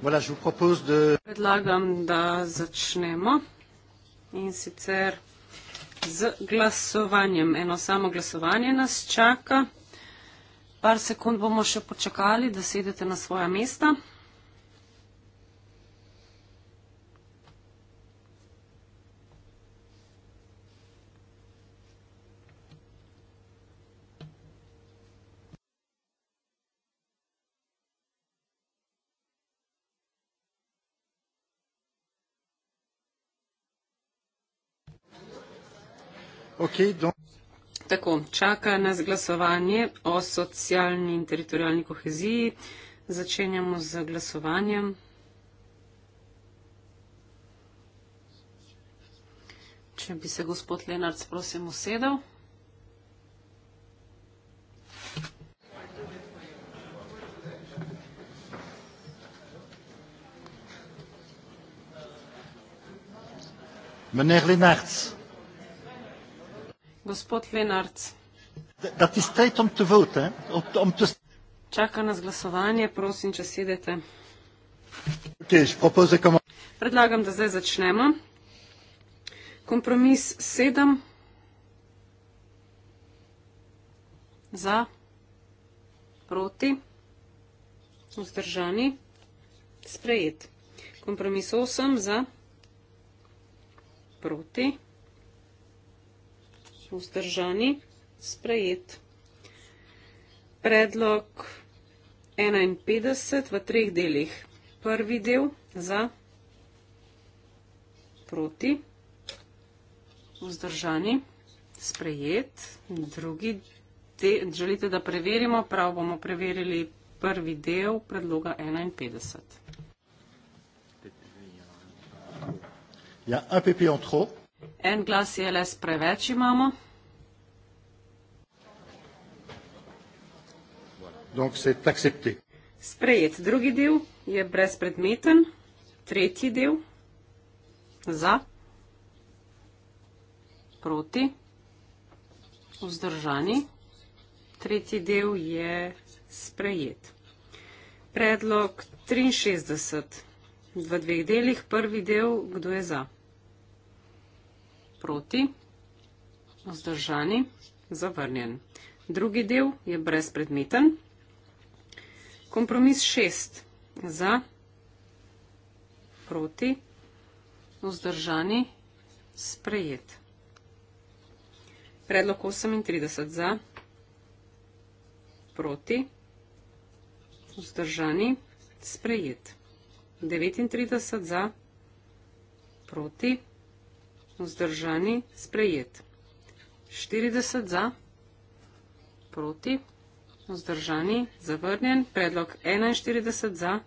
Voilà, je vous propose de... Predlagam, da začnemo in sicer z glasovanjem. Eno samo glasovanje nas čaka. Par sekund bomo še počakali, da sedete na svoja mesta. Okay, Tako, čaka nas glasovanje o socialni in teritorijalni koheziji. Začenjamo z glasovanjem. Če bi se gospod Lenarc, prosim, usedel. Meneer Lenarc. Gospod Lenarc. Eh? Čaka nas glasovanje, prosim, če sedete. Predlagam, da zdaj začnemo. Kompromis sedem za, proti, vzdržani, sprejet. Kompromis osem za, proti, vzdržani vzdržani, sprejet. Predlog 51 v treh delih. Prvi del za, proti, vzdržani, sprejet. Drugi, te, želite, da preverimo, prav bomo preverili prvi del predloga 51. Il y a un PP en trop. En glas je le spreveč imamo. Donc c'est accepté. Sprejet drugi del je brezpredmeten. Tretji del za, proti, vzdržani. Tretji del je sprejet. Predlog 63 v dveh delih. Prvi del, kdo je za? proti, vzdržani, zavrnjen. Drugi del je brezpredmeten. Kompromis šest za, proti, vzdržani, sprejet. Predlog 38 za, proti, vzdržani, sprejet. 39 za, proti, vzdržani, sprejet vzdržani, sprejet. 40 za, proti, vzdržani, zavrnjen, predlog 41 za,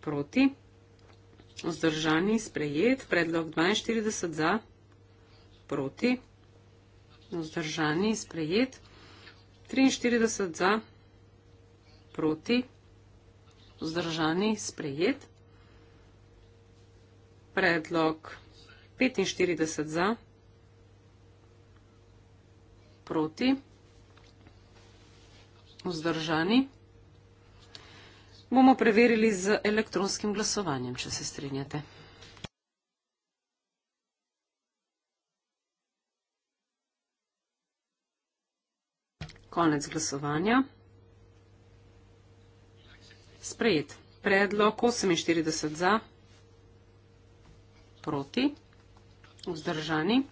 proti, vzdržani, sprejet, predlog 42 za, proti, vzdržani, sprejet, 43 za, proti, vzdržani, sprejet, predlog 42 za, proti, 45 za, proti, vzdržani. Bomo preverili z elektronskim glasovanjem, če se strinjate. Konec glasovanja. Sprejet. Predlog 48 za. Proti vzdržani.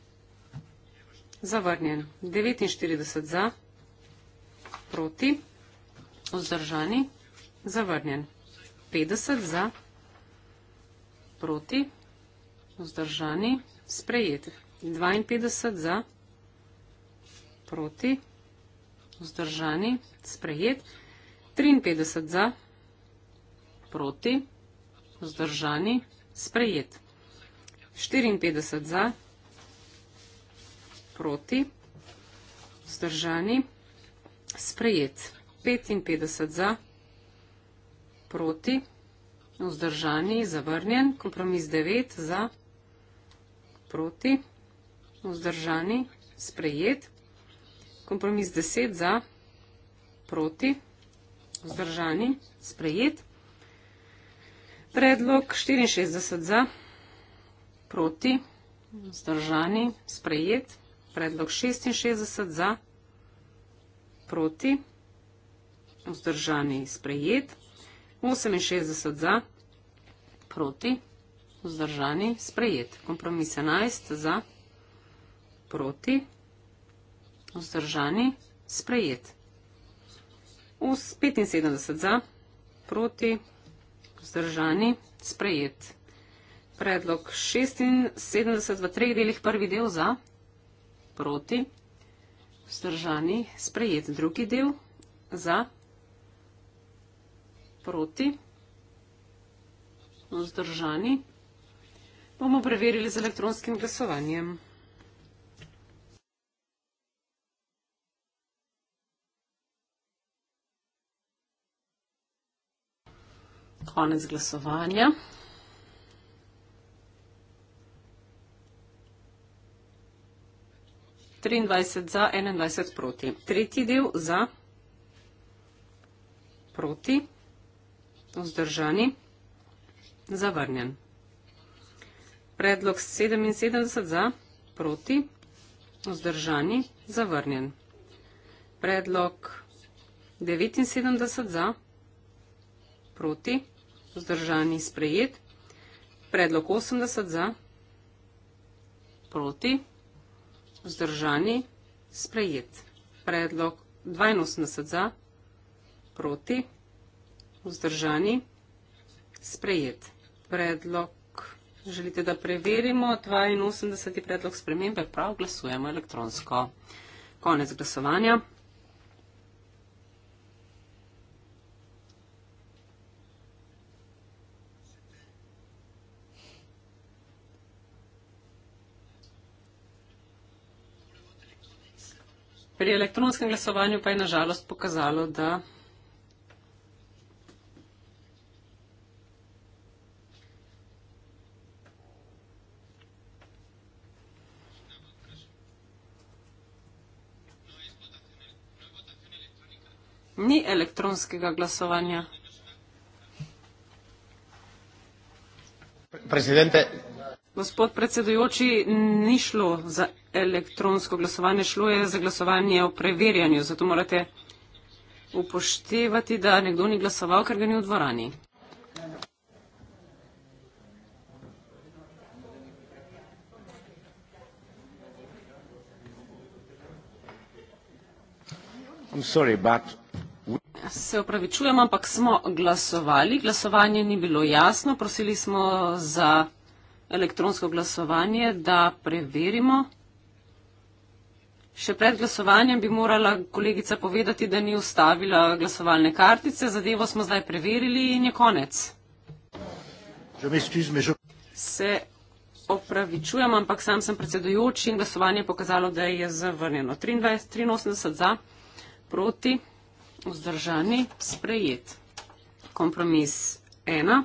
Zavrnjen. 49 za, proti, vzdržani, zavrnjen. 50 za, proti, vzdržani, sprejet. 52 za, proti, vzdržani, sprejet. 53 za, proti, vzdržani, sprejet. 54 za, proti, vzdržani, sprejet. 55 za, proti, vzdržani, zavrnjen. Kompromis 9 za, proti, vzdržani, sprejet. Kompromis 10 za, proti, vzdržani, sprejet. Predlog 64 za, proti proti, vzdržani, sprejet, predlog 66 za, proti, vzdržani, sprejet, 68 za, proti, vzdržani, sprejet, kompromis 11 za, proti, vzdržani, sprejet, 75 za, proti, vzdržani, sprejet predlog 76 v treh delih, prvi del za, proti, vzdržani, sprejet drugi del za, proti, vzdržani, bomo preverili z elektronskim glasovanjem. Konec glasovanja. 23 za, 21 proti. Tretji del za, proti, vzdržani, zavrnjen. Predlog 77 za, proti, vzdržani, zavrnjen. Predlog 79 za, proti, vzdržani, sprejet. Predlog 80 za, proti, vzdržani vzdržani, sprejet. Predlog 82 za, proti, vzdržani, sprejet. Predlog, želite, da preverimo, 82 predlog spremembe, prav glasujemo elektronsko. Konec glasovanja. Pri elektronskem glasovanju pa je nažalost pokazalo, da ni elektronskega glasovanja. Gospod predsedujoči, ni šlo za elektronsko glasovanje, šlo je za glasovanje o preverjanju, zato morate upoštevati, da nekdo ni glasoval, ker ga ni v dvorani. Sorry, but... Se opravičujem, ampak smo glasovali. Glasovanje ni bilo jasno. Prosili smo za elektronsko glasovanje, da preverimo. Še pred glasovanjem bi morala kolegica povedati, da ni ustavila glasovalne kartice. Zadevo smo zdaj preverili in je konec. Se opravičujem, ampak sam sem predsedujoči in glasovanje je pokazalo, da je zavrnjeno. 23, 83 za, proti, vzdržani, sprejet. Kompromis 1.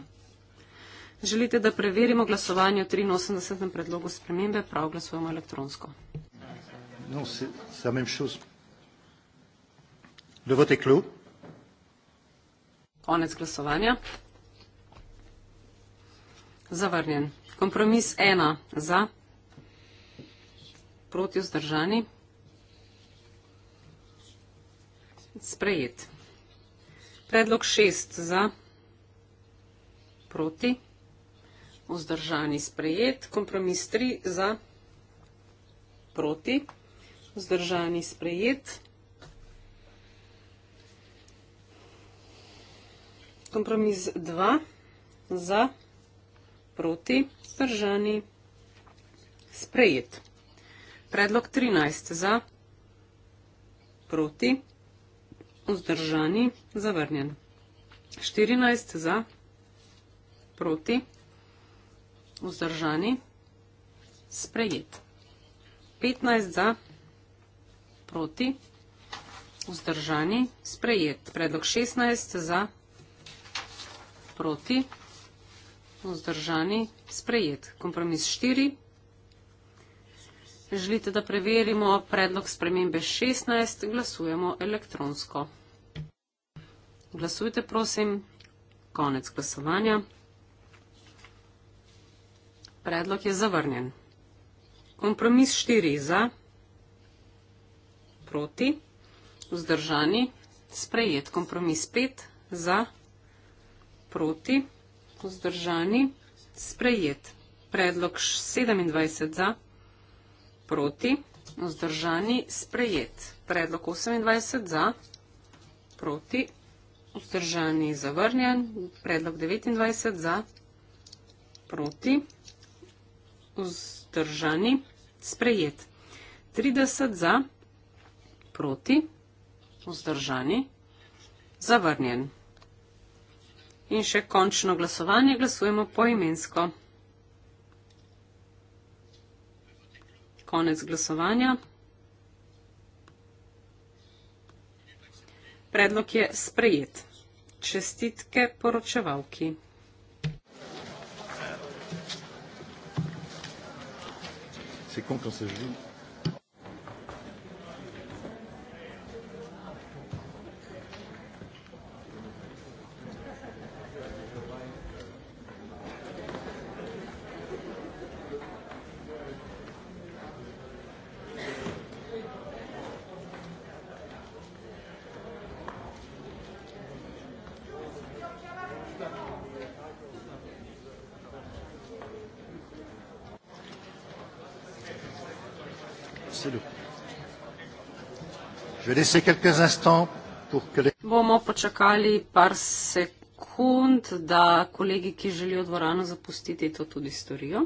Želite, da preverimo glasovanje o 83. predlogu spremembe, prav glasujemo elektronsko. Non, c'est la même chose. Le vote est clos. Konec glasovanja. Zavrnjen. Kompromis ena za, proti vzdržani. Sprejet. Predlog šest za, proti vzdržani. Sprejet. Kompromis tri za, proti vzdržani vzdržani sprejet. Kompromis 2 za proti vzdržani sprejet. Predlog 13 za proti vzdržani zavrnjen. 14 za proti vzdržani sprejet. 15 za proti proti, vzdržani, sprejet. Predlog 16 za, proti, vzdržani, sprejet. Kompromis 4. Želite, da preverimo predlog spremembe 16, glasujemo elektronsko. Glasujte, prosim, konec glasovanja. Predlog je zavrnjen. Kompromis 4 za proti, vzdržani, sprejet, kompromis 5, za, proti, vzdržani, sprejet, predlog 27 za, proti, vzdržani, sprejet, predlog 28 za, proti, vzdržani, zavrnjen, predlog 29 za, proti, vzdržani, sprejet, 30 za, proti, proti, vzdržani, zavrnjen. In še končno glasovanje glasujemo poimensko. Konec glasovanja. Predlog je sprejet. Čestitke poročevalki. C'est quand quand ça joue Bomo počakali par sekund, da kolegi, ki želijo dvorano zapustiti, to tudi storijo.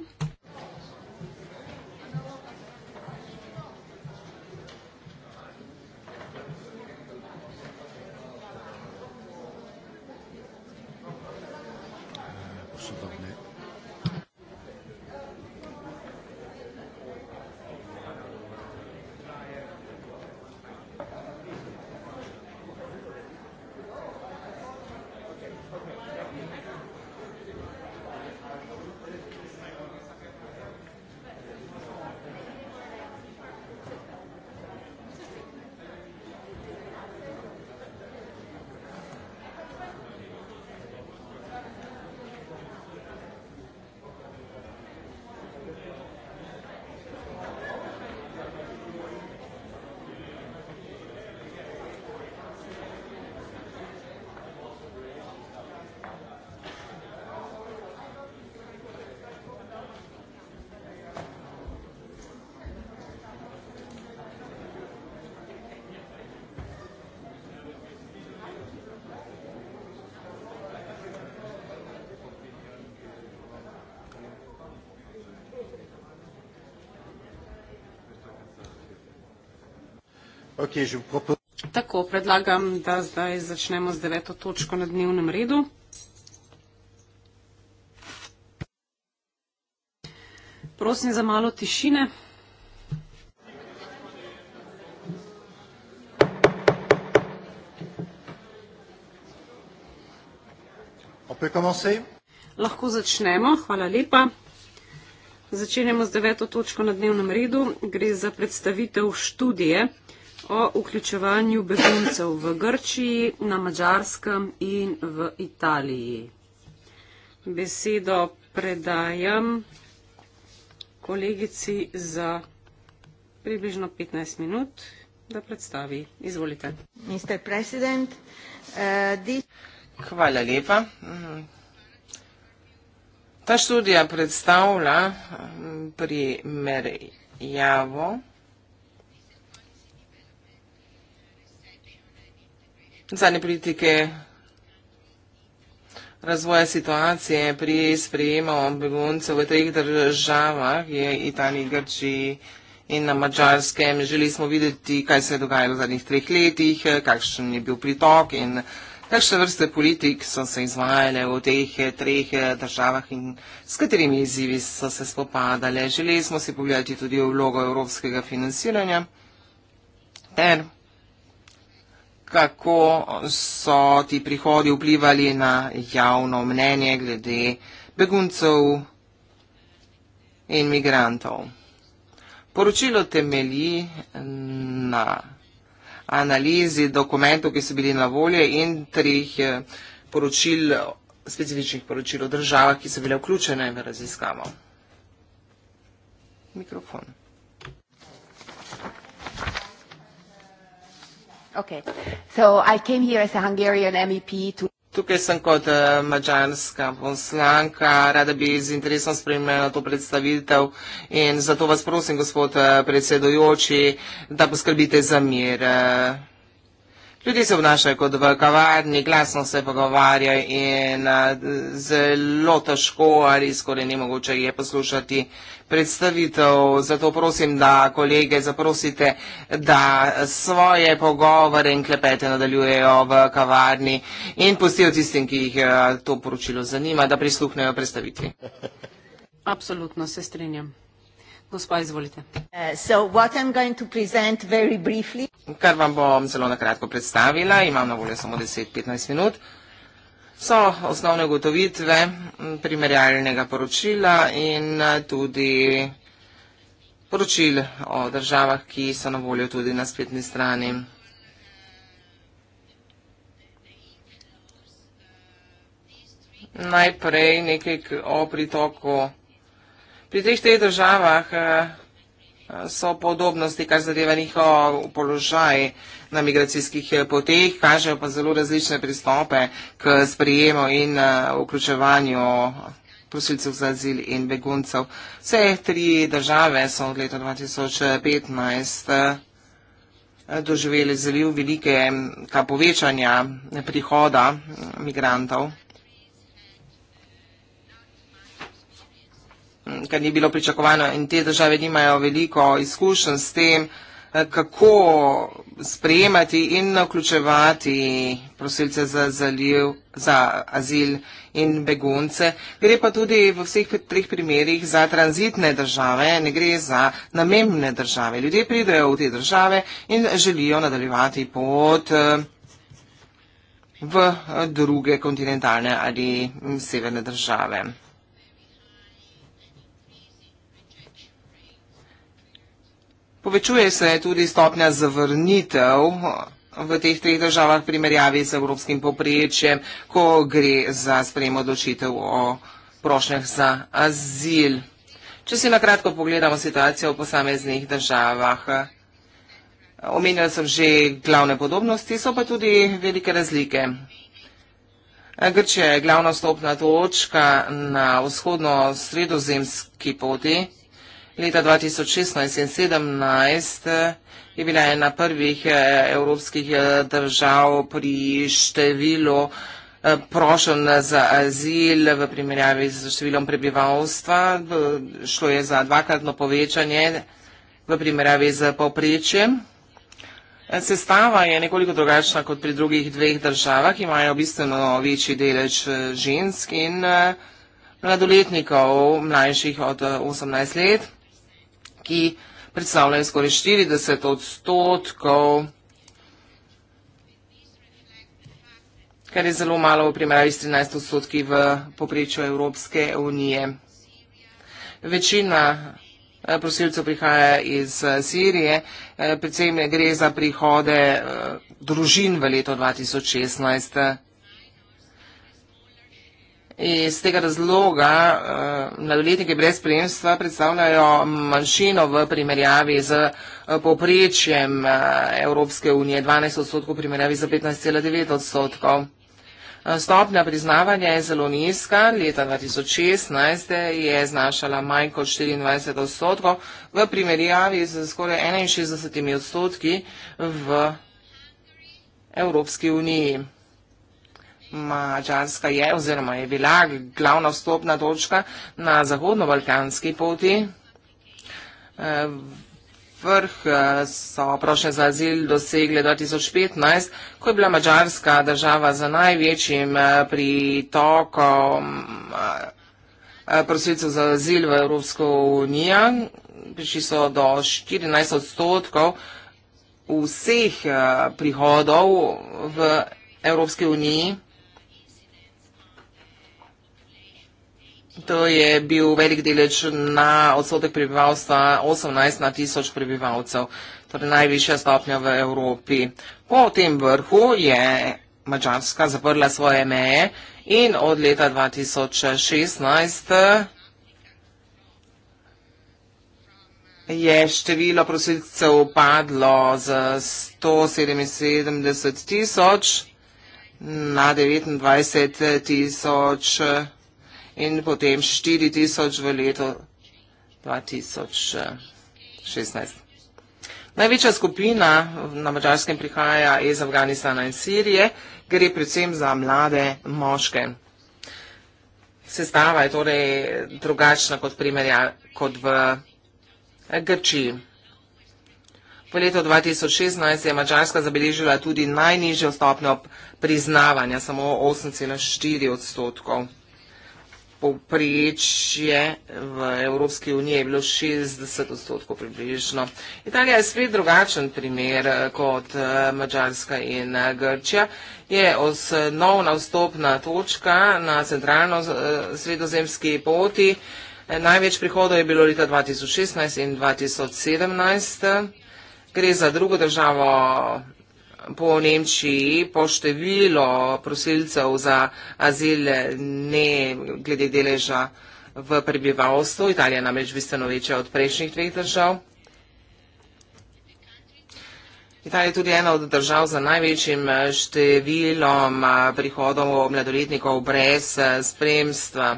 težjim. Tako, predlagam, da zdaj začnemo z deveto točko na dnevnem redu. Prosim za malo tišine. Lahko začnemo. Hvala lepa. Začenjamo z deveto točko na dnevnem redu. Gre za predstavitev študije o vključevanju beguncev v Grčiji, na Mačarskem in v Italiji. Besedo predajam kolegici za približno 15 minut, da predstavi. Izvolite. Mr. President, uh, eh, di... Hvala lepa. Mm. Ta študija predstavlja mm, primerjavo zadnje politike razvoja situacije pri sprejemu beguncev v treh državah, je Italiji, Grčiji in na Mačarskem. Želeli smo videti, kaj se je dogajalo v zadnjih treh letih, kakšen je bil pritok in kakšne vrste politik so se izvajale v teh treh državah in s katerimi izzivi so se spopadale. Želeli smo si pogledati tudi vlogo evropskega financiranja ter kako so ti prihodi vplivali na javno mnenje glede beguncev in migrantov. Poročilo temelji na analizi dokumentov, ki so bili na volje in trih eh, poročil, specifičnih poročil o državah, ki so bile vključene v raziskavo. Mikrofon. Okay. So I came here as a Hungarian MEP to Tukaj sem kot uh, eh, mađarska poslanka, rada bi z interesom spremljala to predstavitev in zato vas prosim, gospod uh, predsedujoči, da poskrbite za mir. Uh. Ljudje se obnašajo kot v kavarni, glasno se pogovarjajo in zelo težko ali skoraj nemogoče je poslušati predstavitev. Zato prosim, da kolege zaprosite, da svoje pogovore in klepete nadaljujejo v kavarni in pustijo tistim, ki jih to poročilo zanima, da prisluhnejo predstavitvi. Absolutno se strinjam. Gospa, izvolite. Eh, Kar vam bom zelo nakratko predstavila, imam na voljo samo 10-15 minut, so osnovne ugotovitve primerjalnega poročila in eh, tudi poročil o državah, ki so na voljo tudi na spletni strani. Najprej nekaj o pritoku državah. Pri teh treh državah eh, so podobnosti, kar zadeva njihov položaj na migracijskih eh, poteh, kažejo pa zelo različne pristope k sprijemu in eh, vključevanju prosilcev za azil in beguncev. Vse tri države so od leta 2015 doživeli zelo velike povečanja prihoda migrantov. kar ni bilo pričakovano in te države nimajo veliko izkušenj s tem, eh, kako sprejemati in vključevati prosilce za zaliv, za azil in begunce. Gre pa tudi v vseh treh primerjih za tranzitne države, ne gre za namembne države. Ljudje pridejo v te države in želijo nadaljevati pot eh, v eh, druge kontinentalne ali severne države. Povečuje se tudi stopnja zavrnitev v teh treh državah primerjavi z evropskim poprečjem, ko gre za sprejem odločitev o prošnjah za azil. Če si nakratko pogledamo situacijo v posameznih državah, omenjali sem že glavne podobnosti, so pa tudi velike razlike. Grče je glavna stopna točka na vzhodno sredozemski poti. Leta 2016 in 2017 eh, je bila ena prvih eh, evropskih eh, držav pri številu prošen za azil v primerjavi z številom prebivalstva. Šlo je za dvakratno povečanje v primerjavi z povprečjem. Sestava je nekoliko drugačna kot pri drugih dveh državah, imajo bistveno večji delež žensk in mladoletnikov, mlajših od 18 let ki predstavljajo skoraj 40 odstotkov, kar je zelo malo v primerjavi s 13 odstotki v poprečju Evropske unije. Večina eh, prosilcev prihaja iz eh, Sirije, eh, predvsem gre za prihode družin v leto 2016. Iz tega razloga eh, mladoletniki brez spremstva predstavljajo manjšino v primerjavi z eh, povprečjem eh, Evropske unije 12 odstotkov primerjavi z 15,9 odstotkov. Stopnja priznavanja je zelo nizka, leta 2016 je znašala manj kot 24 odstotkov v primerjavi z skoraj 61 odstotki v Evropski uniji. Mačarska je oziroma je bila glavna vstopna točka na zahodno-balkanski poti. Eh, vrh eh, so prošle za azil dosegle 2015, ko je bila Mačarska država za največjim eh, pritokom prosilcev za azil v Evropsko unijo. Prišli so do 14 odstotkov vseh prihodov v Evropski uniji. To je bil velik delež na odsotek prebivalstva 18 na tisoč prebivalcev, torej najvišja stopnja v Evropi. Po tem vrhu je Mačarska zaprla svoje meje in od leta 2016 je število prosilcev padlo z 177 tisoč na 29 tisoč prebivalcev in potem 4 tisoč v leto 2016. Eh, Največja skupina na Mačarskem prihaja iz Afganistana in Sirije, gre predvsem za mlade moške. Sestava je torej drugačna kot, primerja, kot v Grčiji. V letu 2016 je Mačarska zabeležila tudi najnižjo stopnjo priznavanja, samo 8,4 odstotkov povprečje v Evropski uniji je bilo 60 odstotkov približno. Italija je spet drugačen primer eh, kot eh, Mačarska in eh, Grčija. Je osnovna vstopna točka na centralno sredozemski poti. Največ prihodov je bilo leta 2016 in 2017. Gre za drugo državo po Nemčiji, po število prosilcev za azil, ne glede deleža v prebivalstvu. Italija namreč bistveno večja od prejšnjih dveh držav. Italija je tudi ena od držav z največjim številom prihodov mladoletnikov brez spremstva.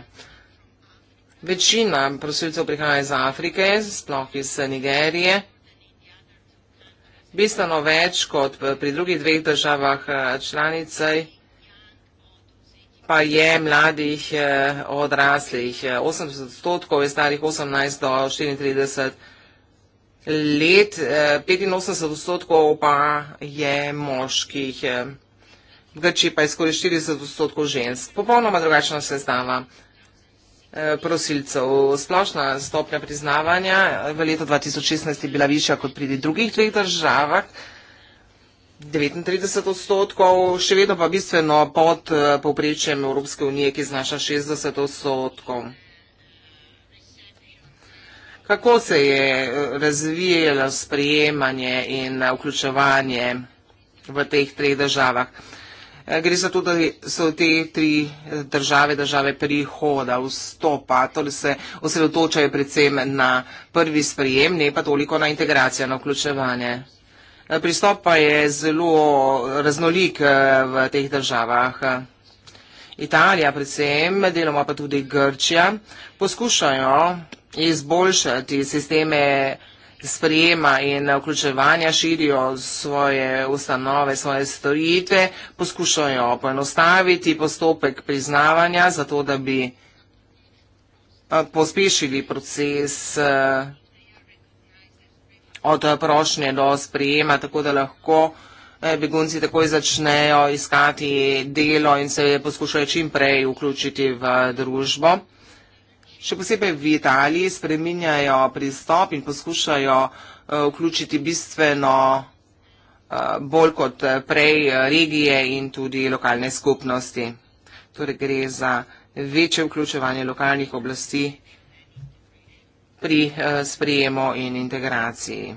Večina prosilcev prihaja iz Afrike, sploh iz Nigerije bistveno več kot pri drugih dveh državah eh, članicej, pa je mladih eh, odraslih. 80 eh, odstotkov je starih 18 do 34 let, 85 odstotkov pa je moških. V Grčiji pa je skoraj 40 odstotkov žensk. Popolnoma drugačna sestava. Eh, prosilcev. Splošna stopnja priznavanja eh, v letu 2016 je bila višja kot pri drugih dveh državah. 39 odstotkov, še vedno pa bistveno pod eh, povprečjem Evropske unije, ki znaša 60 odstotkov. Kako se je razvijalo sprejemanje in vključevanje v teh treh državah? Eh, gre za to, da so te tri eh, države, države prihoda, vstopa, torej se osredotočajo predvsem na prvi sprejem, ne pa toliko na integracijo, na vključevanje. Eh, pristop pa je zelo raznolik v teh državah. Italija predvsem, deloma pa tudi Grčija, poskušajo izboljšati sisteme sprejema in vključevanja širijo svoje ustanove, svoje storitve, poskušajo poenostaviti postopek priznavanja, zato da bi pospešili proces od prošnje do sprejema, tako da lahko begunci takoj začnejo iskati delo in se poskušajo čim prej vključiti v družbo še posebej v Italiji, spreminjajo pristop in poskušajo eh, vključiti bistveno eh, bolj kot eh, prej regije in tudi lokalne skupnosti. Torej gre za večje vključevanje lokalnih oblasti pri sprejemu in integraciji.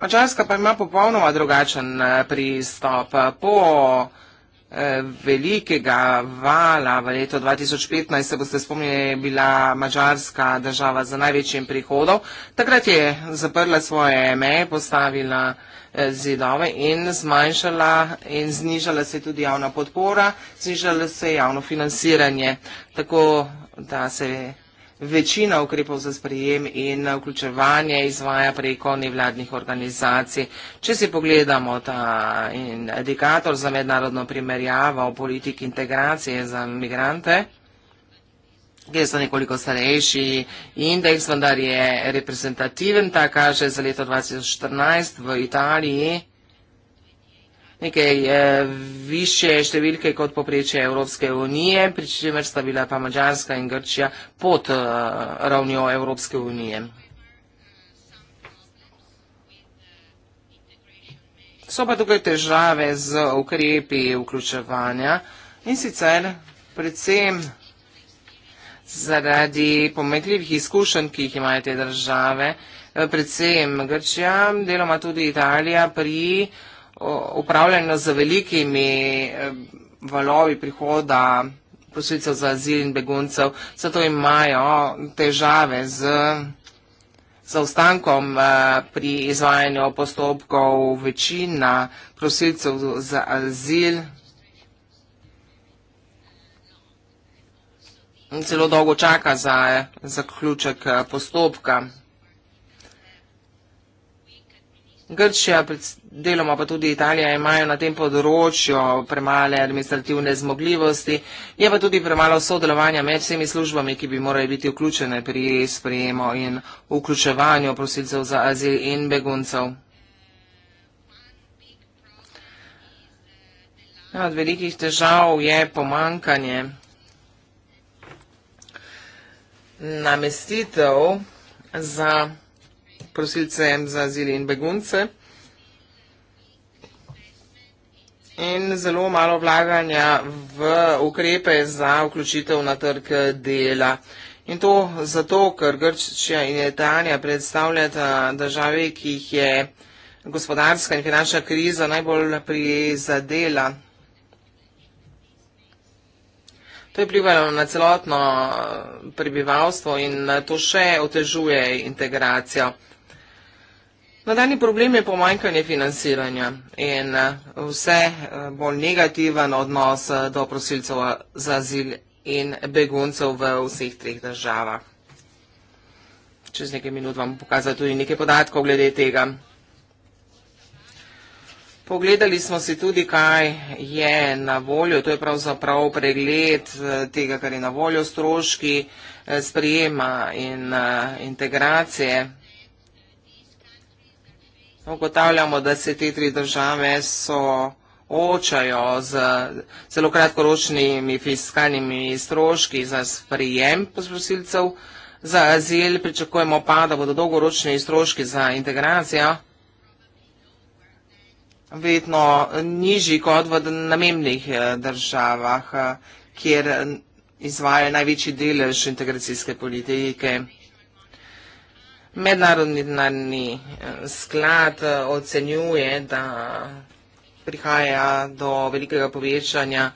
Mačarska pa ima popolnoma drugačen pristop. Po Eh, velikega vala v letu 2015, se boste spomnili, je bila mačarska država z največjim prihodom. Takrat je zaprla svoje meje, postavila eh, zidove in zmanjšala in znižala se tudi javna podpora, znižala se javno financiranje. Tako da se je večina ukrepov za sprejem in vključevanje izvaja preko nevladnih organizacij. Če si pogledamo ta indikator za mednarodno primerjavo o politiki integracije za migrante, kjer so nekoliko starejši indeks, vendar je reprezentativen, ta kaže za leto 2014 v Italiji nekaj eh, više številke kot poprečje Evropske unije, pri čemer sta bila pa Mačarska in Grčija pod eh, ravnjo Evropske unije. So pa tukaj težave z ukrepi vključevanja in sicer predvsem zaradi pomekljivih izkušenj, ki jih imajo te države, eh, predvsem Grčija, deloma tudi Italija pri vključevanju, upravljanju z velikimi eh, valovi prihoda posilcev za azil in beguncev, zato imajo težave z zaostankom eh, pri izvajanju postopkov večina prosilcev za azil. Celo dolgo čaka za zaključek eh, postopka. Grčija, deloma pa tudi Italija, imajo na tem področju premale administrativne zmogljivosti, je pa tudi premalo sodelovanja med vsemi službami, ki bi morali biti vključene pri sprejemu in vključevanju prosilcev za azil in beguncev. Od velikih težav je pomankanje namestitev za prosilcem za azil in begunce. In zelo malo vlaganja v ukrepe za vključitev na trg dela. In to zato, ker Grčija in Italija predstavljata države, ki jih je gospodarska in finančna kriza najbolj prizadela. To je vplivalo na celotno prebivalstvo in to še otežuje integracijo. Nadaljni problem je pomanjkanje financiranja in eh, vse eh, bolj negativen odnos eh, do prosilcev za azil in beguncev v vseh treh državah. Čez nekaj minut vam pokazal tudi nekaj podatkov glede tega. Pogledali smo si tudi, kaj je na voljo, to je pravzaprav pregled tega, kar je na voljo stroški sprijema in integracije ugotavljamo, da se te tri države so očajo z zelo kratkoročnimi fiskalnimi stroški za sprijem posprosilcev za azil. Pričakujemo pa, da bodo dolgoročni stroški za integracijo vedno nižji kot v namembnih eh, državah, eh, kjer izvaja največji delež integracijske politike. Mednarodni denarni eh, sklad eh, ocenjuje, da prihaja do velikega povečanja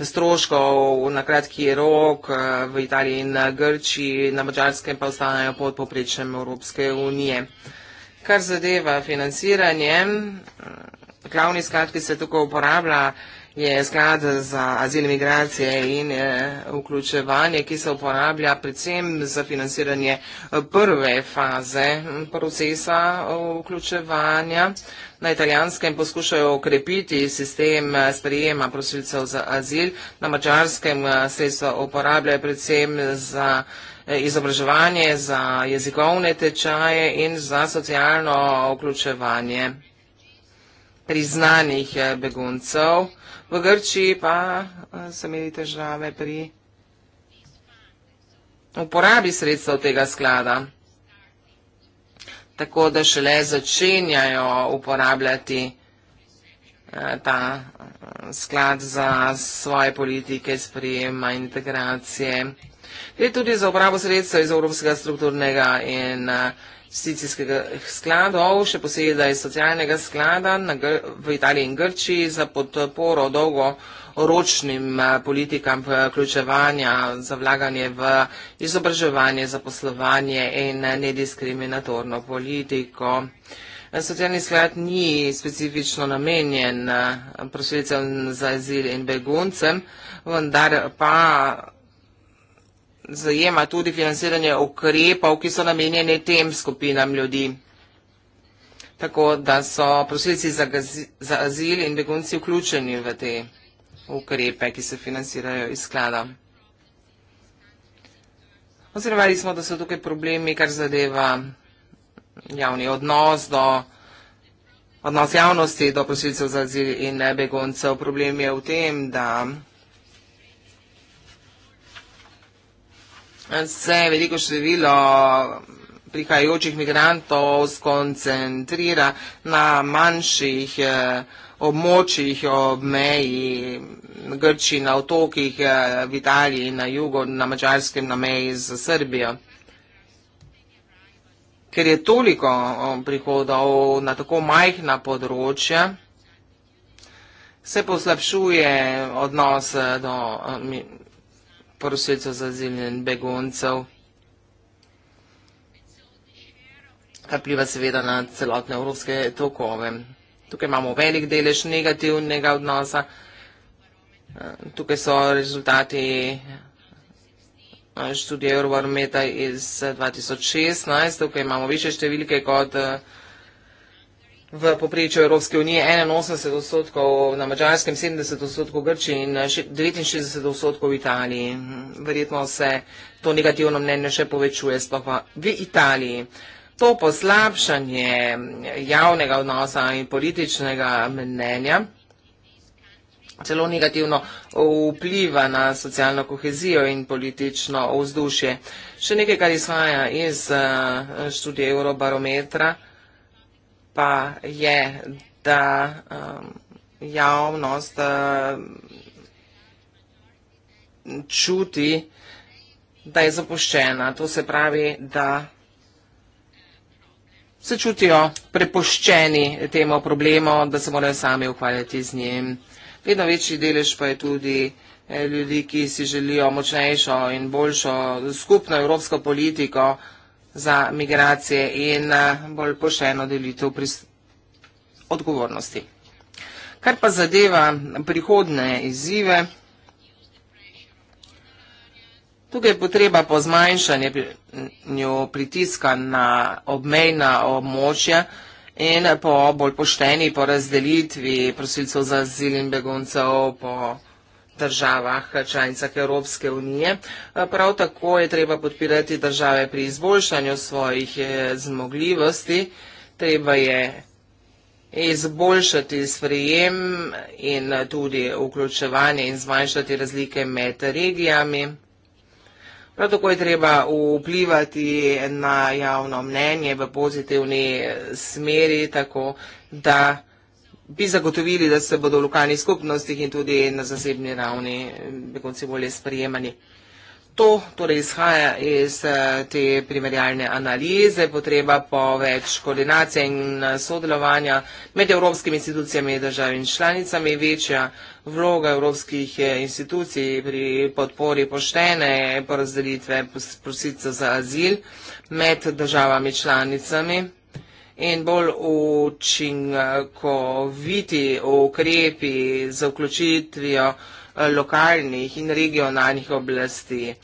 stroškov na kratki rok eh, v Italiji in Grčiji, na Mačarskem pa ostanejo pod poprečjem Evropske unije. Kar zadeva financiranje, glavni sklad, ki se tukaj uporablja, je sklad za azil, migracije in eh, vključevanje, ki se uporablja predvsem za financiranje eh, prve faze hm, procesa eh, vključevanja. Na italijanskem poskušajo okrepiti sistem sprejema prosilcev za azil, na mačarskem sredstvo uporabljajo predvsem za izobraževanje, za jezikovne tečaje in za socialno vključevanje priznanih beguncev v Grčiji pa eh, so imeli težave pri uporabi sredstev tega sklada. Tako da šele začenjajo uporabljati eh, ta eh, sklad za svoje politike sprejema integracije. Gre tudi za uporabo sredstev iz Evropskega strukturnega in investicijskega sklada, še posebej socialnega sklada v Italiji in Grčiji za podporo dolgoročnim eh, politikam vključevanja za vlaganje v izobraževanje, zaposlovanje in nediskriminatorno politiko. Eh, socialni sklad ni specifično namenjen eh, prosilcem za azil in beguncem, vendar pa zajema tudi financiranje ukrepov, ki so namenjeni tem skupinam ljudi. Tako da so prosilci za, za azil in begunci vključeni v te ukrepe, ki se financirajo iz sklada. Ozirovali smo, da so tukaj problemi, kar zadeva javni odnos do odnos javnosti do prosilcev za azil in beguncev. Problem je v tem, da se veliko število prihajajočih migrantov skoncentrira na manjših eh, območjih ob meji Grči na otokih eh, v Italiji na jugu, na Mačarskem, na meji z Srbijo. Ker je toliko prihodov na tako majhna področja, se poslabšuje odnos eh, do prosilcev za azil in begoncev, kar pliva seveda na celotne evropske tokove. Tukaj imamo velik delež negativnega odnosa. Tukaj so rezultati eh, študije Eurobarometa iz 2016. Eh, Tukaj imamo više številke kot 2016. Eh, v poprečju Evropske unije 81 odstotkov, na Mačarskem 70 odstotkov, v Grči in 69 eh, odstotkov v Italiji. Verjetno se to negativno mnenje še povečuje, sploh pa v Italiji. To poslabšanje javnega odnosa in političnega mnenja celo negativno vpliva na socialno kohezijo in politično vzdušje. Še nekaj, kar izhaja iz eh, študije Eurobarometra – pa je, da um, javnost uh, čuti, da je zapuščena. To se pravi, da se čutijo prepoščeni temu problemu, da se morajo sami ukvarjati z njim. Vedno večji delež pa je tudi eh, ljudi, ki si želijo močnejšo in boljšo skupno evropsko politiko za migracije in eh, bolj pošeno delitev odgovornosti. Kar pa zadeva prihodne izzive, tukaj je potreba po zmanjšanju pritiska na obmejna območja in po bolj pošteni, po razdelitvi prosilcev za zil in beguncev, po razdelitvi državah članicah Evropske unije. Prav tako je treba podpirati države pri izboljšanju svojih eh, zmogljivosti, treba je izboljšati sprejem in eh, tudi vključevanje in zmanjšati razlike med regijami. Prav tako je treba vplivati na javno mnenje v pozitivni eh, smeri, tako da bi zagotovili, da se bodo v lokalnih skupnostih in tudi na zasebni ravni eh, begunci bolje sprejemani. To torej izhaja iz eh, te primerjalne analize, potreba po več koordinacije in eh, sodelovanja med evropskimi institucijami in državami in članicami, večja vloga evropskih institucij pri podpori poštene porazdelitve prosice za azil med državami članicami in bolj učinkoviti ukrepi za vključitvijo eh, lokalnih in regionalnih oblasti.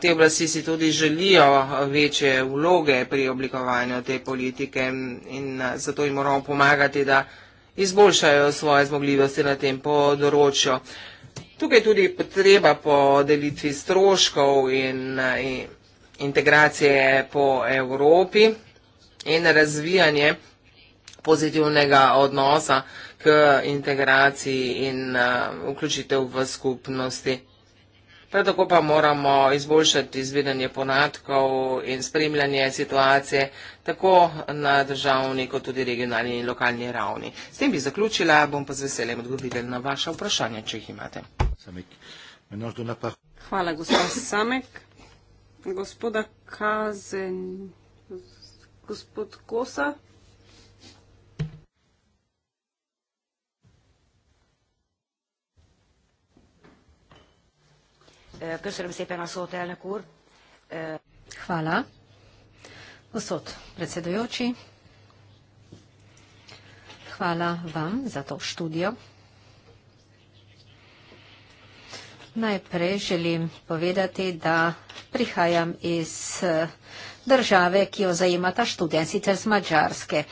Te oblasti si tudi želijo večje vloge pri oblikovanju te politike in eh, zato jim moramo pomagati, da izboljšajo svoje zmogljivosti na tem področju. Tukaj tudi potreba po delitvi stroškov in eh, integracije po Evropi in razvijanje pozitivnega odnosa k integraciji in uh, vključitev v skupnosti. Prav tako pa moramo izboljšati izvedanje ponadkov in spremljanje situacije tako na državni kot tudi regionalni in lokalni ravni. S tem bi zaključila, bom pa z veseljem odgovorila na vaše vprašanje, če jih imate. Hvala, gospod Samek. Gospoda Kazen gospod Kosa. Köszönöm szépen a szót, elnök úr. Hvala. Gospod predsedujoči, hvala vam za to študijo. Najprej želim povedati, da prihajam iz uh, države, ki jo zajema ta študija, sicer z Mačarske.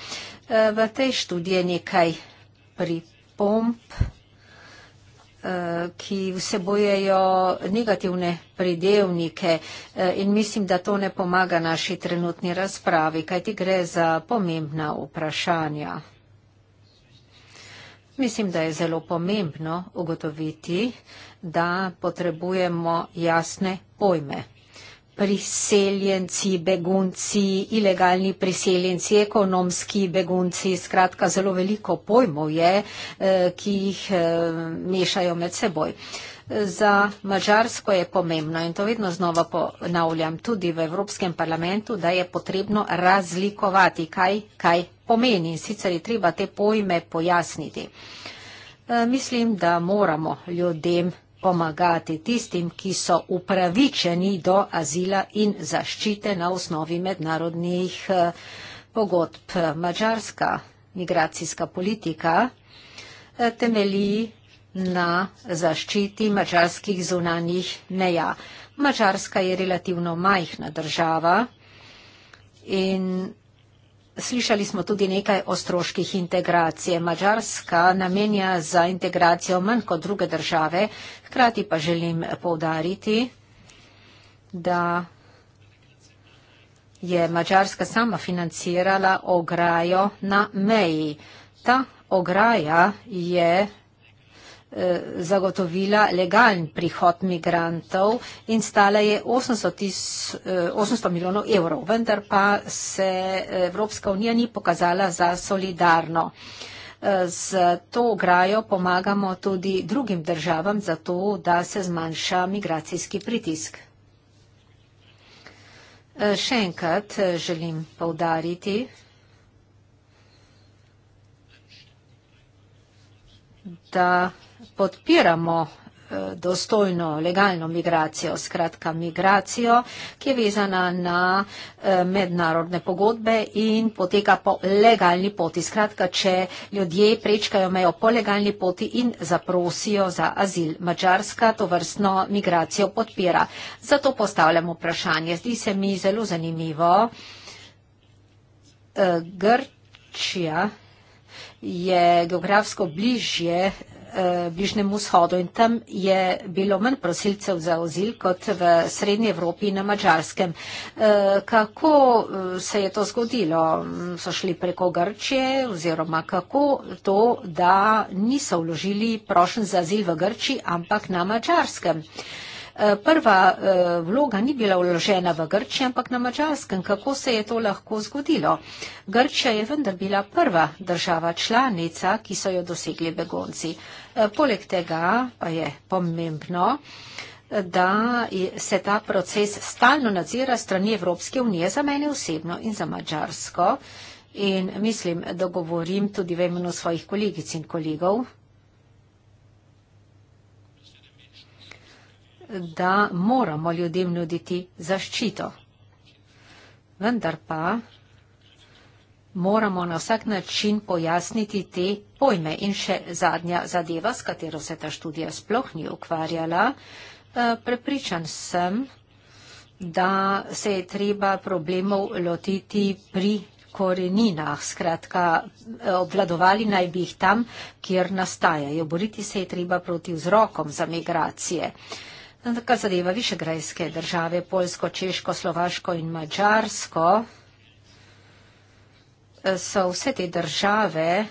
E, v tej študiji je nekaj pripomp, e, ki vsebojejo negativne pridevnike e, in mislim, da to ne pomaga naši trenutni razpravi, kajti gre za pomembna vprašanja. Mislim, da je zelo pomembno ugotoviti, da potrebujemo jasne pojme priseljenci, begunci, ilegalni priseljenci, ekonomski begunci, skratka zelo veliko pojmov je, eh, ki jih eh, mešajo med seboj. Za Mačarsko je pomembno in to vedno znova ponavljam tudi v Evropskem parlamentu, da je potrebno razlikovati, kaj, kaj pomeni in sicer je treba te pojme pojasniti. Eh, mislim, da moramo ljudem pomagati tistim, ki so upravičeni do azila in zaščite na osnovi mednarodnih eh, pogodb. Mačarska migracijska politika eh, temeli na zaščiti mačarskih zunanjih meja. Mačarska je relativno majhna država in Slišali smo tudi nekaj o stroških integracije. Mačarska namenja za integracijo manj kot druge države. Hkrati pa želim povdariti, da je Mačarska sama financirala ograjo na meji. Ta ograja je Eh, zagotovila legalen prihod migrantov in stala je 800, tis, 800 eh, milijonov evrov, vendar pa se Evropska unija ni pokazala za solidarno. Z eh, to ograjo pomagamo tudi drugim državam za to, da se zmanjša migracijski pritisk. Še enkrat želim povdariti, da podpiramo eh, dostojno, legalno migracijo, skratka migracijo, ki je vezana na eh, mednarodne pogodbe in poteka po legalni poti. Skratka, če ljudje prečkajo mejo po legalni poti in zaprosijo za azil, Mačarska to vrstno migracijo podpira. Zato postavljamo vprašanje. Zdi se mi zelo zanimivo. Eh, Grčija je geografsko bližje Eh, bližnjemu vzhodu in tam je bilo manj prosilcev za ozil kot v srednji Evropi in na Mačarskem. Eh, kako eh, se je to zgodilo? So šli preko Grčije oziroma kako to, da niso vložili prošen za ozil v Grčiji, ampak na Mačarskem? Prva vloga ni bila vložena v Grčiji, ampak na Mačarskem. Kako se je to lahko zgodilo? Grčija je vendar bila prva država članica, ki so jo dosegli begonci. Eh, poleg tega pa je pomembno, da se ta proces stalno nadzira strani Evropske unije za mene osebno in za Mačarsko. In mislim, da govorim tudi v imenu svojih kolegic in kolegov, da moramo ljudem nuditi zaščito. Vendar pa moramo na vsak način pojasniti te pojme. In še zadnja zadeva, s katero se ta študija sploh ni ukvarjala, eh, prepričan sem, da se je treba problemov lotiti pri koreninah. Skratka, eh, obvladovali naj bi jih tam, kjer nastajajo. Boriti se je treba proti vzrokom za migracije. Tako zadeva Višegrajske države, Polsko, Češko, Slovaško in Mačarsko so vse te države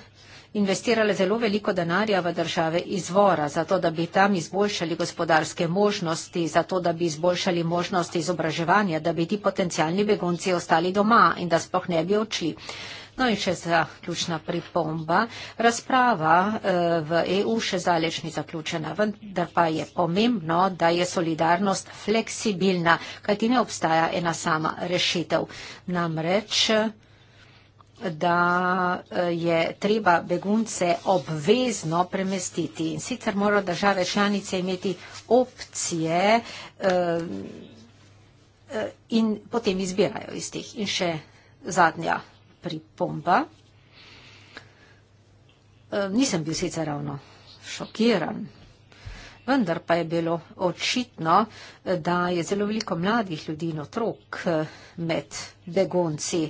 investirale zelo veliko denarja v države izvora, zato da bi tam izboljšali gospodarske možnosti, zato da bi izboljšali možnosti izobraževanja, da bi ti potencijalni begunci ostali doma in da sploh ne bi odšli. No in še zaključna pripomba. Razprava eh, v EU še zaleč ni zaključena, vendar pa je pomembno, da je solidarnost fleksibilna, kajti ne obstaja ena sama rešitev. Namreč da eh, je treba begunce obvezno premestiti. In sicer mora države članice imeti opcije eh, eh, in potem izbirajo iz teh. In še zadnja pripomba. Nisem bil sicer ravno šokiran, vendar pa je bilo očitno, da je zelo veliko mladih ljudi in otrok med begunci.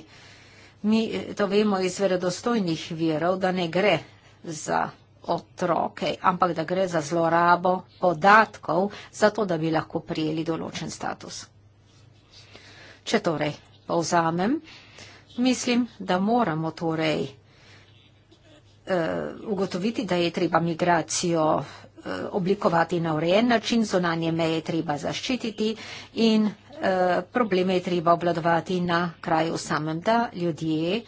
Mi eh, to vemo iz verodostojnih verov, da ne gre za otroke, ampak da gre za zlorabo podatkov, zato da bi lahko prijeli določen status. Če torej povzamem, mislim, da moramo torej uh, ugotoviti, da je treba migracijo uh, Eh, oblikovati na urejen način, zunanje meje treba zaščititi in eh, probleme je treba obladovati na kraju samem, da ljudje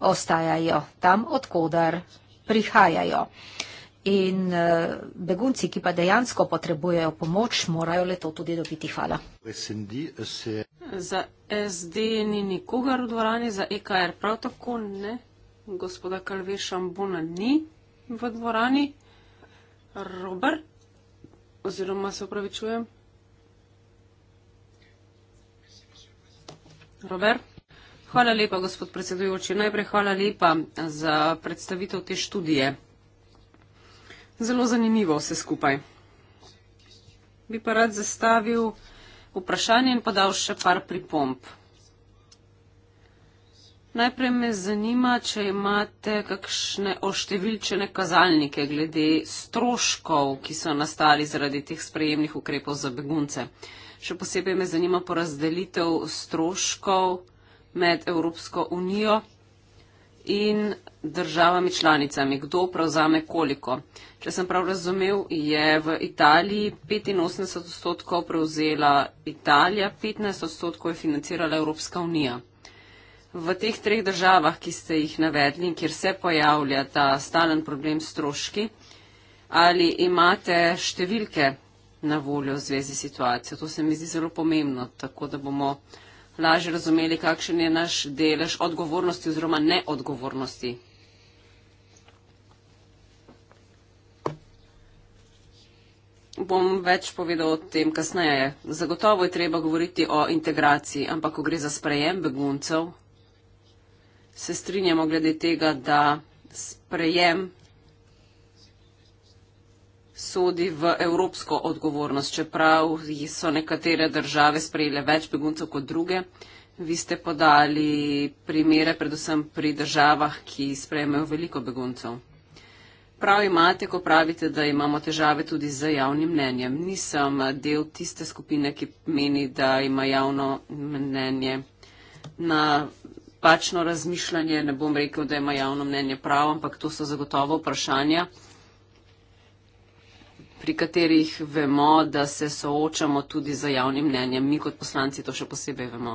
ostajajo tam, odkudar prihajajo. In eh, begunci, ki pa dejansko potrebujejo pomoč, morajo le to tudi dobiti. Hvala. Za SD ni nikogar v dvorani, za EKR prav tako ne. Gospoda Kalveša Mbuna ni v dvorani. Robert, oziroma se upravičujem. Robert. Hvala lepa, gospod predsedujoči. Najprej hvala lepa za predstavitev te študije. Zelo zanimivo vse skupaj. Bi pa rad zastavil vprašanje in podal še par pripomp. Najprej me zanima, če imate kakšne oštevilčene kazalnike glede stroškov, ki so nastali zaradi teh sprejemnih ukrepov za begunce. Še posebej me zanima porazdelitev stroškov med Evropsko unijo in državami članicami, kdo pravzame koliko. Če sem prav razumel, je v Italiji 85 odstotkov prevzela Italija, 15 odstotkov je financirala Evropska unija v teh treh državah, ki ste jih navedli, kjer se pojavlja ta stalen problem stroški, ali imate številke na voljo v zvezi s situacijo? To se mi zdi zelo pomembno, tako da bomo lažje razumeli, kakšen je naš delež odgovornosti oziroma neodgovornosti. Bom več povedal o tem kasneje. Zagotovo je treba govoriti o integraciji, ampak ko gre za sprejem beguncev, se strinjamo glede tega, da sprejem sodi v evropsko odgovornost, čeprav so nekatere države sprejele več beguncev kot druge. Vi ste podali primere predvsem pri državah, ki sprejemajo veliko beguncev. Prav imate, ko pravite, da imamo težave tudi z javnim mnenjem. Nisem del tiste skupine, ki meni, da ima javno mnenje na pačno razmišljanje, ne bom rekel, da ima javno mnenje pravo, ampak to so zagotovo vprašanja, pri katerih vemo, da se soočamo tudi za javnim mnenjem. Mi kot poslanci to še posebej vemo.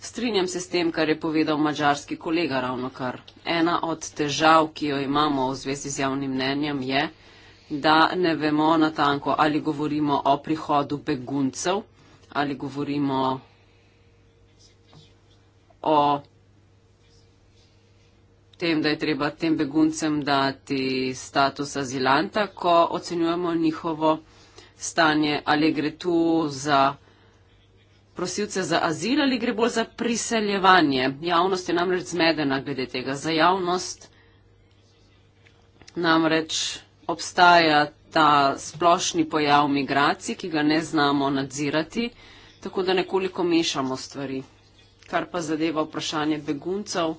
Strinjam se s tem, kar je povedal mačarski kolega ravno kar. Ena od težav, ki jo imamo v zvezi z javnim mnenjem, je, da ne vemo natanko, ali govorimo o prihodu beguncev, ali govorimo o tem, da je treba tem beguncem dati status azilanta, ko ocenjujemo njihovo stanje, ali gre tu za prosilce za azil ali gre bolj za priseljevanje. Javnost je namreč zmedena glede tega. Za javnost namreč obstaja ta splošni pojav migracij, ki ga ne znamo nadzirati, tako da nekoliko mešamo stvari. Kar pa zadeva vprašanje beguncev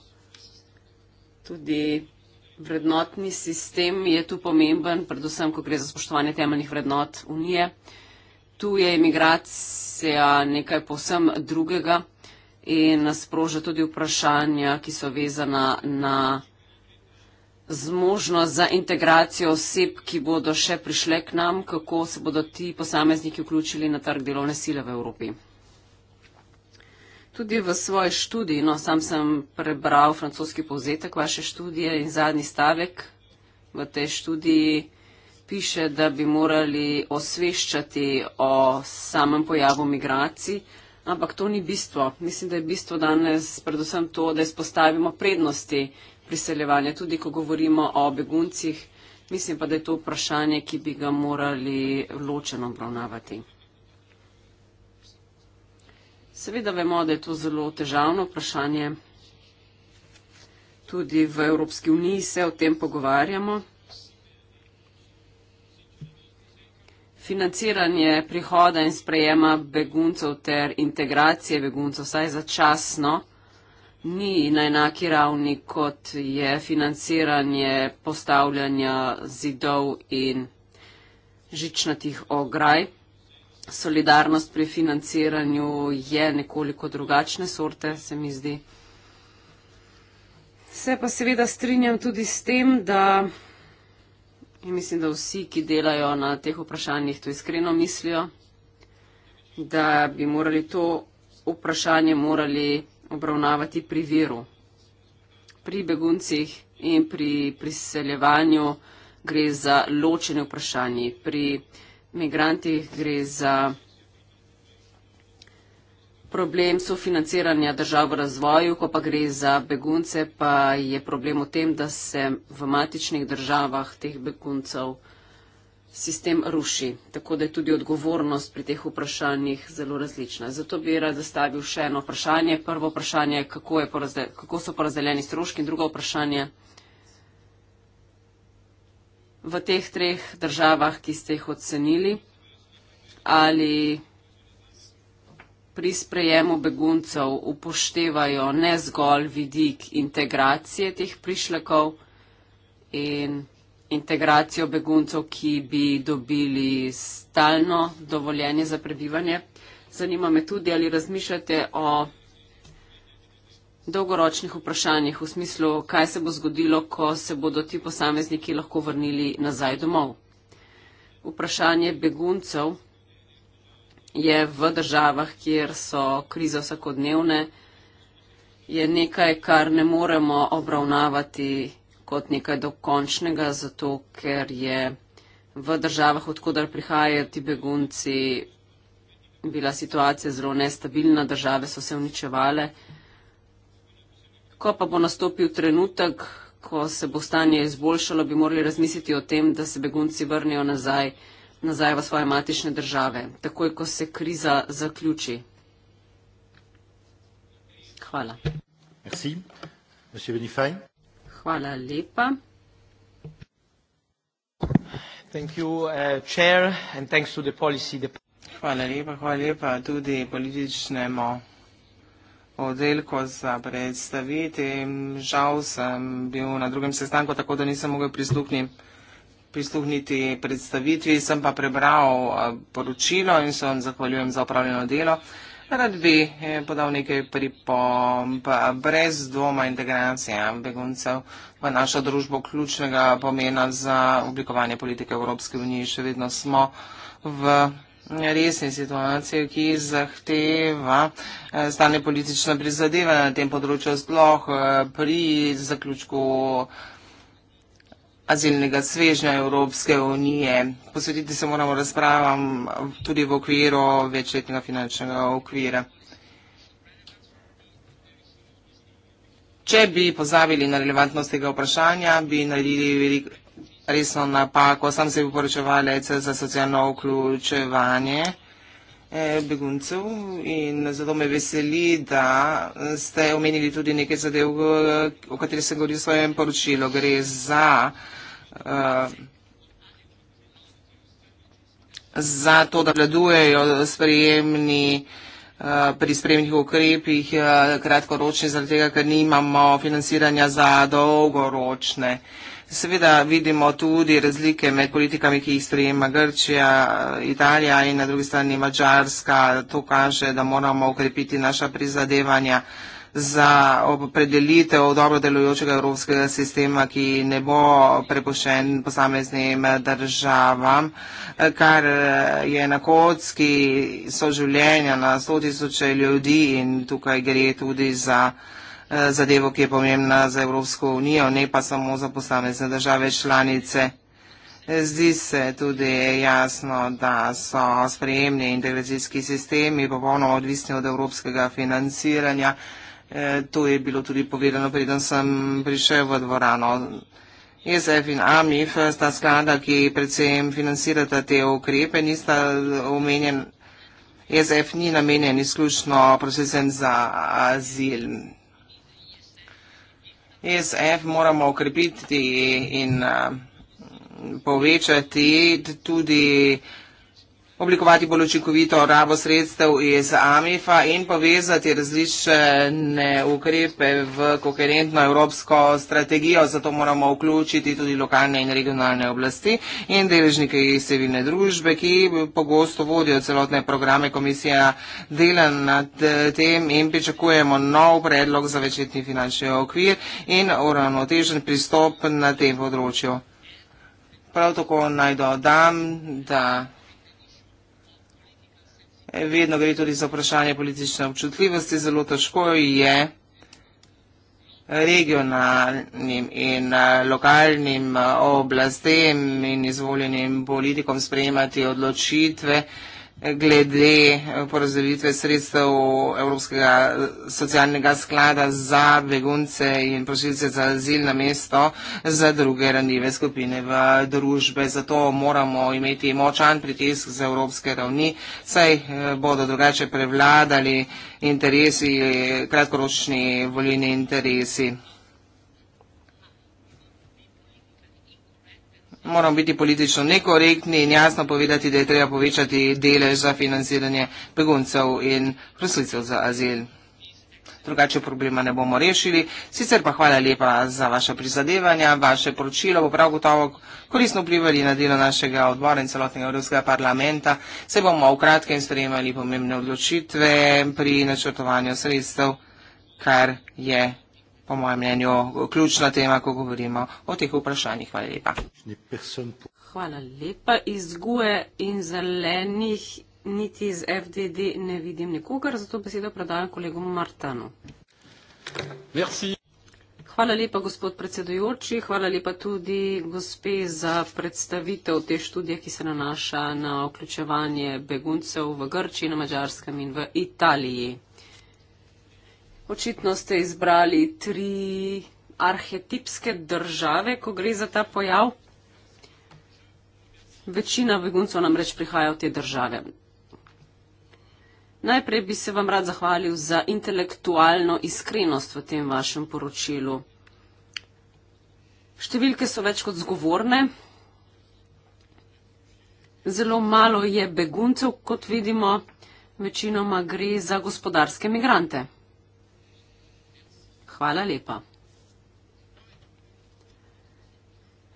tudi vrednotni sistem je tu pomemben, predvsem, ko gre za spoštovanje temeljnih vrednot Unije. Tu je imigracija nekaj povsem drugega in sproža tudi vprašanja, ki so vezana na zmožnost za integracijo oseb, ki bodo še prišle k nam, kako se bodo ti posamezniki vključili na trg delovne sile v Evropi. Tudi v svoji študiji, no, sam sem prebral francoski povzetek vaše študije in zadnji stavek v tej študiji piše, da bi morali osveščati o samem pojavu migracij, ampak to ni bistvo. Mislim, da je bistvo danes predvsem to, da izpostavimo prednosti priseljevanja, tudi ko govorimo o beguncih. Mislim pa, da je to vprašanje, ki bi ga morali ločeno obravnavati. Seveda vemo, da je to zelo težavno vprašanje. Tudi v Evropski uniji se o tem pogovarjamo. Financiranje prihoda in sprejema beguncev ter integracije beguncev, saj začasno, ni na enaki ravni, kot je financiranje postavljanja zidov in žičnatih ograj solidarnost pri financiranju je nekoliko drugačne sorte, se mi zdi. Se pa seveda strinjam tudi s tem, da in ja, mislim, da vsi, ki delajo na teh vprašanjih, to iskreno mislijo, da bi morali to vprašanje morali obravnavati pri viru. Pri beguncih in pri priseljevanju gre za ločene vprašanje. Pri migranti, gre za problem sofinanciranja držav v razvoju, ko pa gre za begunce, pa je problem v tem, da se v matičnih državah teh beguncev sistem ruši. Tako da je tudi odgovornost pri teh vprašanjih zelo različna. Zato bi rad zastavil še eno vprašanje. Prvo vprašanje je, kako, je kako so porazdeljeni stroški in drugo vprašanje je, v teh treh državah, ki ste jih ocenili, ali pri sprejemu beguncev upoštevajo ne zgolj vidik integracije teh prišlekov in integracijo beguncev, ki bi dobili stalno dovoljenje za prebivanje. Zanima me tudi, ali razmišljate o dolgoročnih vprašanjih v smislu, kaj se bo zgodilo, ko se bodo ti posamezniki lahko vrnili nazaj domov. Vprašanje beguncev je v državah, kjer so krize vsakodnevne, je nekaj, kar ne moremo obravnavati kot nekaj dokončnega, zato ker je v državah, odkudar prihajajo ti begunci, bila situacija zelo nestabilna, države so se uničevale. Ko pa bo nastopil trenutek, ko se bo stanje izboljšalo, bi morali razmisliti o tem, da se begunci vrnijo nazaj, nazaj v svoje matične države, takoj, ko se kriza zaključi. Hvala. Merci. Monsieur Benifaj. Hvala lepa. Thank you, uh, chair, and thanks to the policy department. Hvala lepa, hvala lepa tudi političnemu oddelku za predstaviti. Žal sem bil na drugem sestanku, tako da nisem mogel prisluhniti pristuhniti predstavitvi, sem pa prebral eh, poročilo in se vam zahvaljujem za opravljeno delo. Rad bi eh, podal nekaj pripomb. Brez dvoma integracija beguncev v našo družbo ključnega pomena za oblikovanje politike Evropske unije. Še vedno smo v resni situaciji, ki zahteva eh, stane politično prizadevanje na tem področju, sploh eh, pri zaključku azilnega svežnja Evropske unije. Posvetiti se moramo razpravam tudi v okviru večletnega finančnega okvira. Če bi pozabili na relevantnost tega vprašanja, bi naredili veliko resno napako, sam sem poročevalec za socialno vključevanje eh, beguncev in zato me veseli, da ste omenili tudi nekaj zadev, o kateri se govori v svojem poročilu. Gre za eh, za to, da vladujejo sprejemni eh, pri sprejemnih ukrepih kratkoročni, zaradi tega, ker nimamo financiranja za dolgoročne ukrepe. Seveda vidimo tudi razlike med politikami, ki jih sprejema Grčija, Italija in na drugi strani Mačarska. To kaže, da moramo ukrepiti naša prizadevanja za opredelitev dobro delujočega evropskega sistema, ki ne bo prepuščen posameznim državam, kar je na kocki soživljenja na 100 tisoče ljudi in tukaj gre tudi za. Eh, zadevo, ki je pomembna za Evropsko unijo, ne pa samo za posamezne države članice. Zdi se tudi jasno, da so sprejemni integracijski sistemi popolnoma odvisni od evropskega financiranja. E, to je bilo tudi povedano, preden sem prišel v dvorano. ESF in AMIF sta sklada, ki predvsem financirata te ukrepe, nista omenjen. ESF ni namenjen izključno prosilcem za azil. ESF moramo okrepiti in eh, povečati tudi oblikovati bolj očinkovito rabo sredstev iz AMIF-a in povezati različne ukrepe v koherentno evropsko strategijo. Zato moramo vključiti tudi lokalne in regionalne oblasti in deležnike iz civilne družbe, ki pogosto vodijo celotne programe. Komisija dela nad eh, tem in pričakujemo nov predlog za večetni finančni okvir in uravnotežen pristop na tem področju. Prav tako naj dodam, da Eh, vedno gre tudi za vprašanje politične občutljivosti, zelo težko je regionalnim in eh, lokalnim eh, oblastem in izvoljenim politikom sprejemati odločitve, glede eh, porazdelitve sredstev Evropskega eh, socialnega sklada za begunce in prosilce za azil na mesto za druge ranljive skupine v družbe. Zato moramo imeti močan pritisk z Evropske ravni, saj eh, bodo drugače prevladali interesi, kratkoročni volilni interesi. moramo biti politično nekorektni in jasno povedati, da je treba povečati delež za financiranje beguncev in prosilcev za azil. Drugače problema ne bomo rešili. Sicer pa hvala lepa za vaše prizadevanja, vaše poročilo bo prav gotovo koristno vplivali na delo našega odbora in celotnega Evropskega parlamenta. Se bomo v kratkem sprejemali pomembne odločitve pri načrtovanju sredstev, kar je po mojem mnenju, ključna tema, ko govorimo o teh vprašanjih. Hvala lepa. Hvala lepa. Iz GUE in zelenih niti iz FDD ne vidim nikogar, zato besedo predajam kolegu Martanu. Merci. Hvala lepa, gospod predsedujoči, hvala lepa tudi gospe za predstavitev te študije, ki se nanaša na vključevanje beguncev v Grčiji, na Mačarskem in v Italiji očitno ste izbrali tri arhetipske države, ko gre za ta pojav. Večina beguncev namreč prihaja v te države. Najprej bi se vam rad zahvalil za intelektualno iskrenost v tem vašem poročilu. Številke so več kot zgovorne. Zelo malo je beguncev, kot vidimo, večinoma gre za gospodarske migrante. Hvala lepa.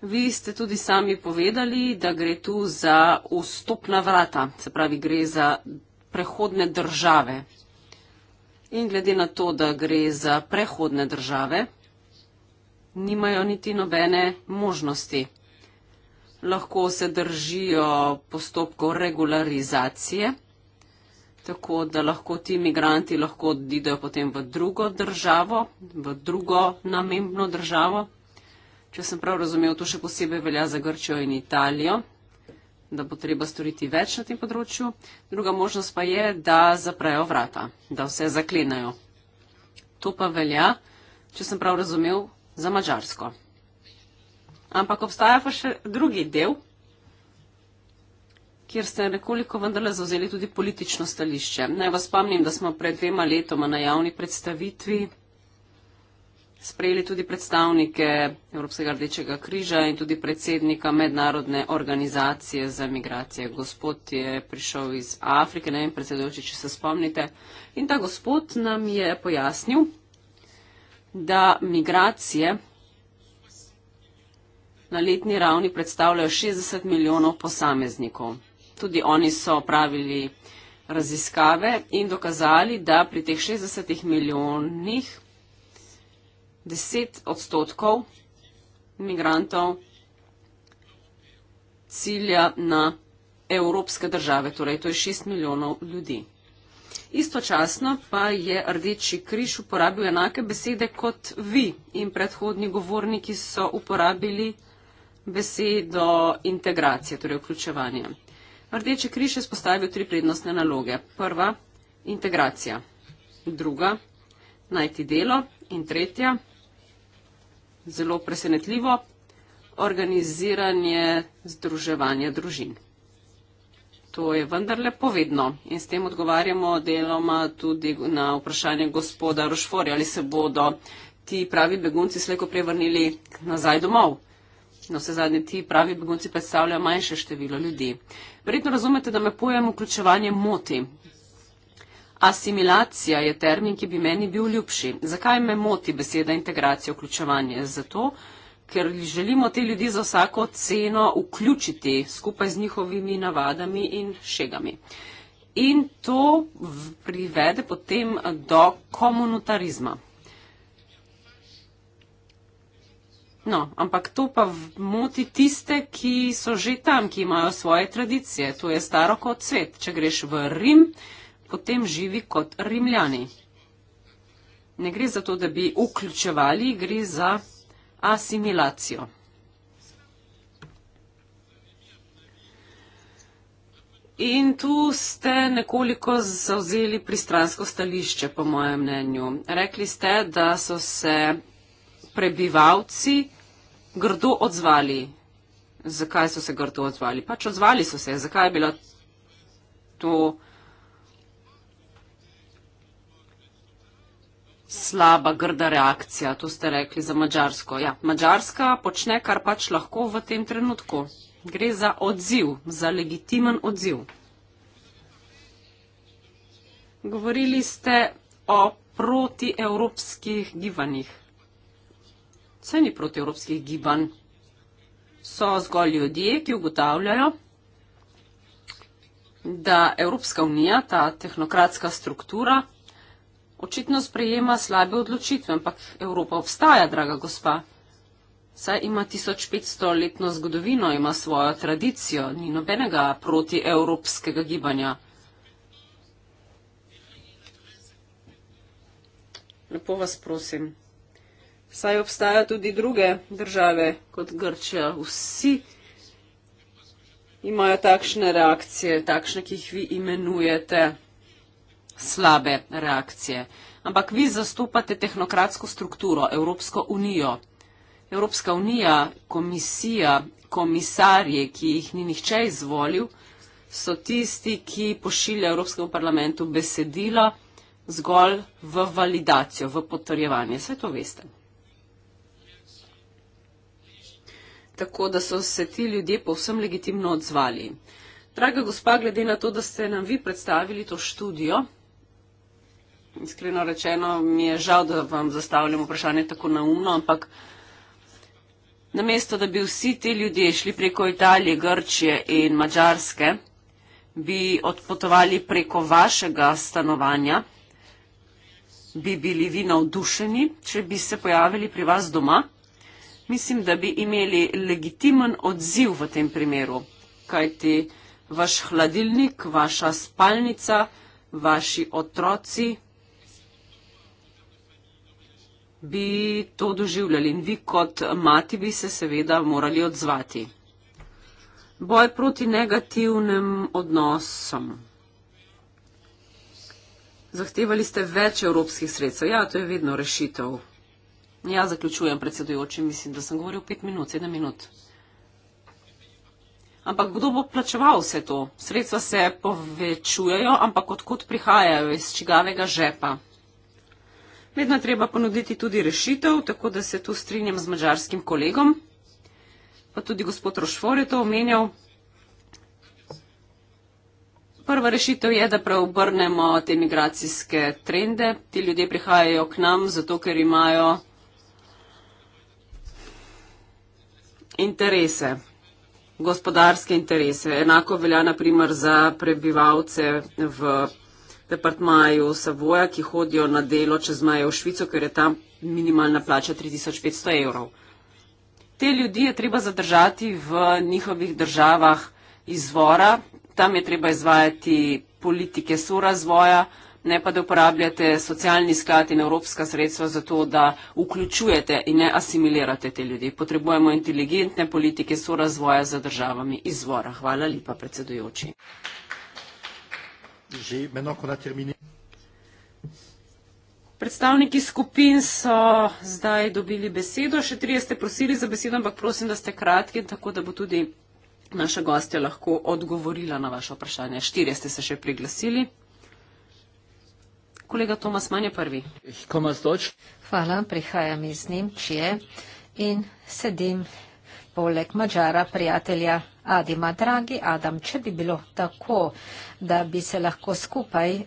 Vi ste tudi sami povedali, da gre tu za vstopna vrata, se pravi, gre za prehodne države. In glede na to, da gre za prehodne države, nimajo niti nobene možnosti. Lahko se držijo postopkov regularizacije tako da lahko ti imigranti lahko odidejo potem v drugo državo, v drugo namembno državo. Če sem prav razumel, to še posebej velja za Grčijo in Italijo, da bo treba storiti več na tem področju. Druga možnost pa je, da zaprajo vrata, da vse zaklenajo. To pa velja, če sem prav razumel, za Mačarsko. Ampak obstaja pa še drugi del kjer ste nekoliko vendarle zauzeli tudi politično stališče. Naj vas spomnim, da smo pred dvema letoma na javni predstavitvi sprejeli tudi predstavnike Evropskega rdečega križa in tudi predsednika mednarodne organizacije za migracije. Gospod je prišel iz Afrike, ne vem, predsedujoči, če se spomnite. In ta gospod nam je pojasnil, da migracije na letni ravni predstavljajo 60 milijonov posameznikov tudi oni so pravili raziskave in dokazali, da pri teh 60 milijonih 10 odstotkov migrantov cilja na evropske države, torej to je 6 milijonov ljudi. Istočasno pa je Rdeči križ uporabil enake besede kot vi in predhodni govorniki so uporabili besedo integracije, torej vključevanje. Rdeči križ je spostavil tri prednostne naloge. Prva – integracija. Druga – najti delo. In tretja – zelo presenetljivo – organiziranje združevanja družin. To je vendarle povedno in s tem odgovarjamo deloma tudi na vprašanje gospoda Rošfori, ali se bodo ti pravi begunci slejko prevrnili nazaj domov. Na vse zadnje ti pravi begunci predstavlja manjše število ljudi. Verjetno razumete, da me pojem vključevanje moti. Asimilacija je termin, ki bi meni bil ljubši. Zakaj me moti beseda integracija, vključevanje? Zato, ker želimo te ljudi za vsako ceno vključiti skupaj z njihovimi navadami in šegami. In to privede potem do komunitarizma. No, ampak to pa moti tiste, ki so že tam, ki imajo svoje tradicije. To je staro kot svet. Če greš v Rim, potem živi kot rimljani. Ne gre za to, da bi vključevali, gre za asimilacijo. In tu ste nekoliko zauzeli pristransko stališče, po mojem mnenju. Rekli ste, da so se prebivalci grdo odzvali. Zakaj so se grdo odzvali? Pač odzvali so se. Zakaj je bila to slaba, grda reakcija? To ste rekli za Mačarsko. Ja, Mačarska počne, kar pač lahko v tem trenutku. Gre za odziv, za legitimen odziv. Govorili ste o protievropskih gibanjih. Vse ni proti evropskih gibanj. So zgolj ljudje, ki ugotavljajo, da Evropska unija, ta tehnokratska struktura, očitno sprejema slabe odločitve, ampak Evropa obstaja, draga gospa. Saj ima 1500 letno zgodovino, ima svojo tradicijo, ni nobenega proti evropskega gibanja. Lepo vas prosim saj obstajajo tudi druge države kot Grčija. Vsi imajo takšne reakcije, takšne, ki jih vi imenujete slabe reakcije. Ampak vi zastopate tehnokratsko strukturo, Evropsko unijo. Evropska unija, komisija, komisarje, ki jih ni nihče izvolil, so tisti, ki pošilja Evropskemu parlamentu besedila zgolj v validacijo, v potrjevanje. Sve to veste. tako da so se ti ljudje povsem legitimno odzvali. Draga gospa, glede na to, da ste nam vi predstavili to študijo, iskreno rečeno mi je žal, da vam zastavljam vprašanje tako naumno, ampak namesto, da bi vsi ti ljudje šli preko Italije, Grčije in Mačarske, bi odpotovali preko vašega stanovanja, bi bili vi navdušeni, če bi se pojavili pri vas doma mislim, da bi imeli legitimen odziv v tem primeru, kajti vaš hladilnik, vaša spalnica, vaši otroci bi to doživljali in vi kot mati bi se seveda morali odzvati. Boj proti negativnim odnosom. Zahtevali ste več evropskih sredstev. Ja, to je vedno rešitev. Ja, zaključujem predsedujoči, mislim, da sem govoril pet minut, sedem minut. Ampak kdo bo plačeval vse to? Sredstva se povečujejo, ampak odkud prihajajo iz čigavega žepa? Vedno treba ponuditi tudi rešitev, tako da se tu strinjam z mađarskim kolegom, pa tudi gospod Rošfor je to omenjal. Prva rešitev je, da preobrnemo te migracijske trende. Ti ljudje prihajajo k nam, zato ker imajo interese, gospodarske interese. Enako velja naprimer za prebivalce v departmaju Savoja, ki hodijo na delo čez meje v Švico, ker je tam minimalna plača 3500 evrov. Te ljudi je treba zadržati v njihovih državah izvora, tam je treba izvajati politike sorazvoja ne pa da uporabljate socialni sklad in evropska sredstva za to, da vključujete in ne asimilirate te ljudi. Potrebujemo inteligentne politike sorazvoja za državami izvora. Hvala lepa, predsedujoči. Predstavniki skupin so zdaj dobili besedo, še 30 ste prosili za besedo, ampak prosim, da ste kratki, tako da bo tudi naša gostja lahko odgovorila na vaše vprašanje. Štirje ste se še priglasili. Kolega Tomas Manje prvi. Hvala, prihajam iz Nemčije in sedim poleg Mačara, prijatelja Adima, dragi Adam, če bi bilo tako, da bi se lahko skupaj eh,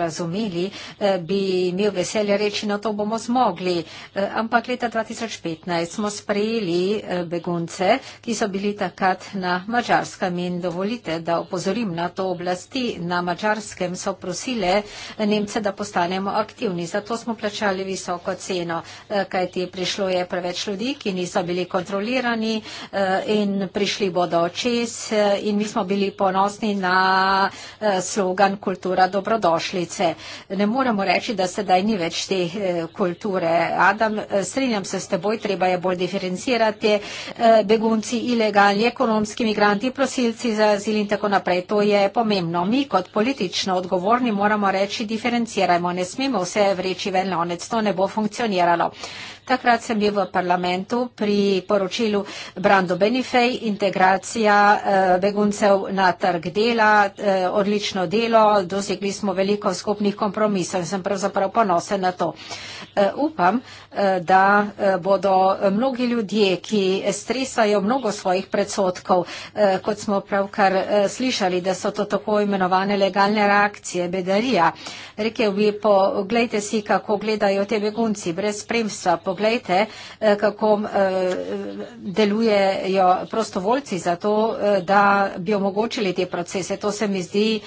razumeli, eh, bi imel veselje reči, no to bomo zmogli. Eh, ampak leta 2015 smo sprejeli eh, begunce, ki so bili takrat na Mačarskem in dovolite, da opozorim na to oblasti. Na Mačarskem so prosile eh, Nemce, da postanemo aktivni, zato smo plačali visoko ceno, eh, kajti prišlo je preveč ljudi, ki niso bili kontrolirani eh, in prišli bodo čez eh, in mi smo bili ponosni na eh, slogan kultura dobrodošlice. Ne moremo reči, da sedaj ni več te eh, kulture. Adam, strinjam se s teboj, treba je bolj diferencirati begunci, ilegalni, ekonomski migranti, prosilci za azil in tako naprej. To je pomembno. Mi kot politično odgovorni moramo reči, diferencirajmo. Ne smemo vse vreči ven lonec, to ne bo funkcioniralo. Takrat sem bil v parlamentu pri poročilu Brando Benifej, integracija eh, beguncev na trg dela, eh, odlično delo, dosegli smo veliko skupnih kompromisov in sem pravzaprav ponosen na to. Eh, upam, da bodo mnogi ljudje, ki stresajo mnogo svojih predsotkov, kot smo pravkar slišali, da so to tako imenovane legalne reakcije, bedarija, rekel bi, poglejte si, kako gledajo te begunci brez spremstva, po poglejte, eh, kako eh, delujejo prostovoljci za to, eh, da bi omogočili te procese. To se mi zdi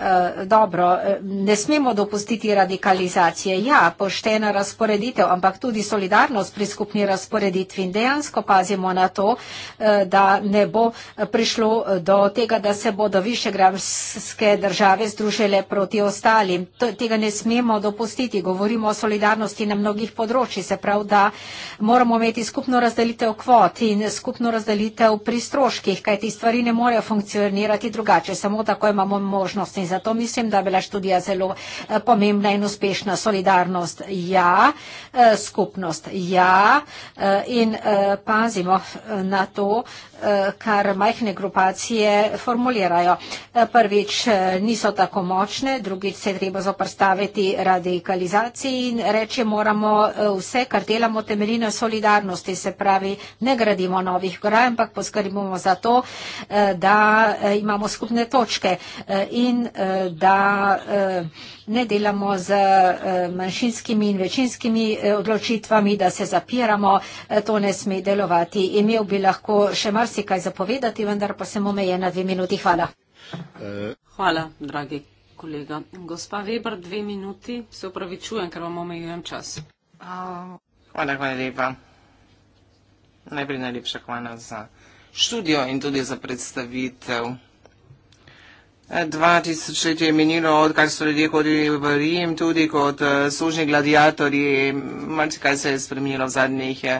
Eh, dobro, eh, ne smemo dopustiti radikalizacije. Ja, poštena razporeditev, ampak tudi solidarnost pri skupni razporeditvi in dejansko pazimo na to, eh, da ne bo prišlo do tega, da se bodo višegramske države združile proti ostalim. Tega ne smemo dopustiti. Govorimo o solidarnosti na mnogih področjih, se pravi, da moramo imeti skupno razdelitev kvot in skupno razdelitev pri stroških, kaj ti stvari ne morejo funkcionirati drugače. Samo tako imamo možnost. In zato mislim, da je bila študija zelo eh, pomembna in uspešna. Solidarnost ja, eh, skupnost ja eh, in pazimo na to, Eh, kar majhne grupacije formulirajo. Eh, prvič eh, niso tako močne, drugič se treba zoprstaviti radikalizaciji in reči moramo vse, kar delamo temeljino solidarnosti, se pravi, ne gradimo novih graj, ampak poskrbimo za to, da imamo skupne točke in da ne delamo z eh, manjšinskimi in večinskimi eh, odločitvami, da se zapiramo, eh, to ne sme delovati. Imel bi lahko še marsikaj zapovedati, vendar pa sem omejen na dve minuti. Hvala. Hvala, dragi kolega. Gospa Weber, dve minuti. Se upravičujem, ker vam omejujem čas. Hvala, hvala lepa. Najprej najlepša hvala za študijo in tudi za predstavitev 2000 let je minilo, odkar so ljudje hodili v Rim, tudi kot uh, eh, služni gladiatorji, marsikaj se je spremenilo v zadnjih je.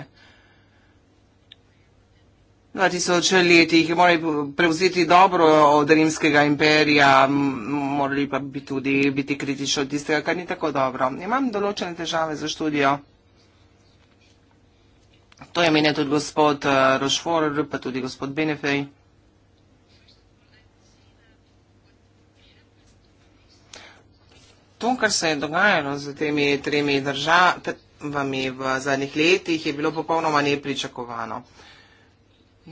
Eh, 2000 let jih morali prevzeti dobro od rimskega imperija, morali pa bi tudi biti kritični od tistega, kar ni tako dobro. Imam določene težave za študijo. To je menil tudi gospod uh, Rošfor, pa tudi gospod Benefej. to, kar se je dogajalo z temi tremi državami v zadnjih letih, je bilo popolnoma nepričakovano.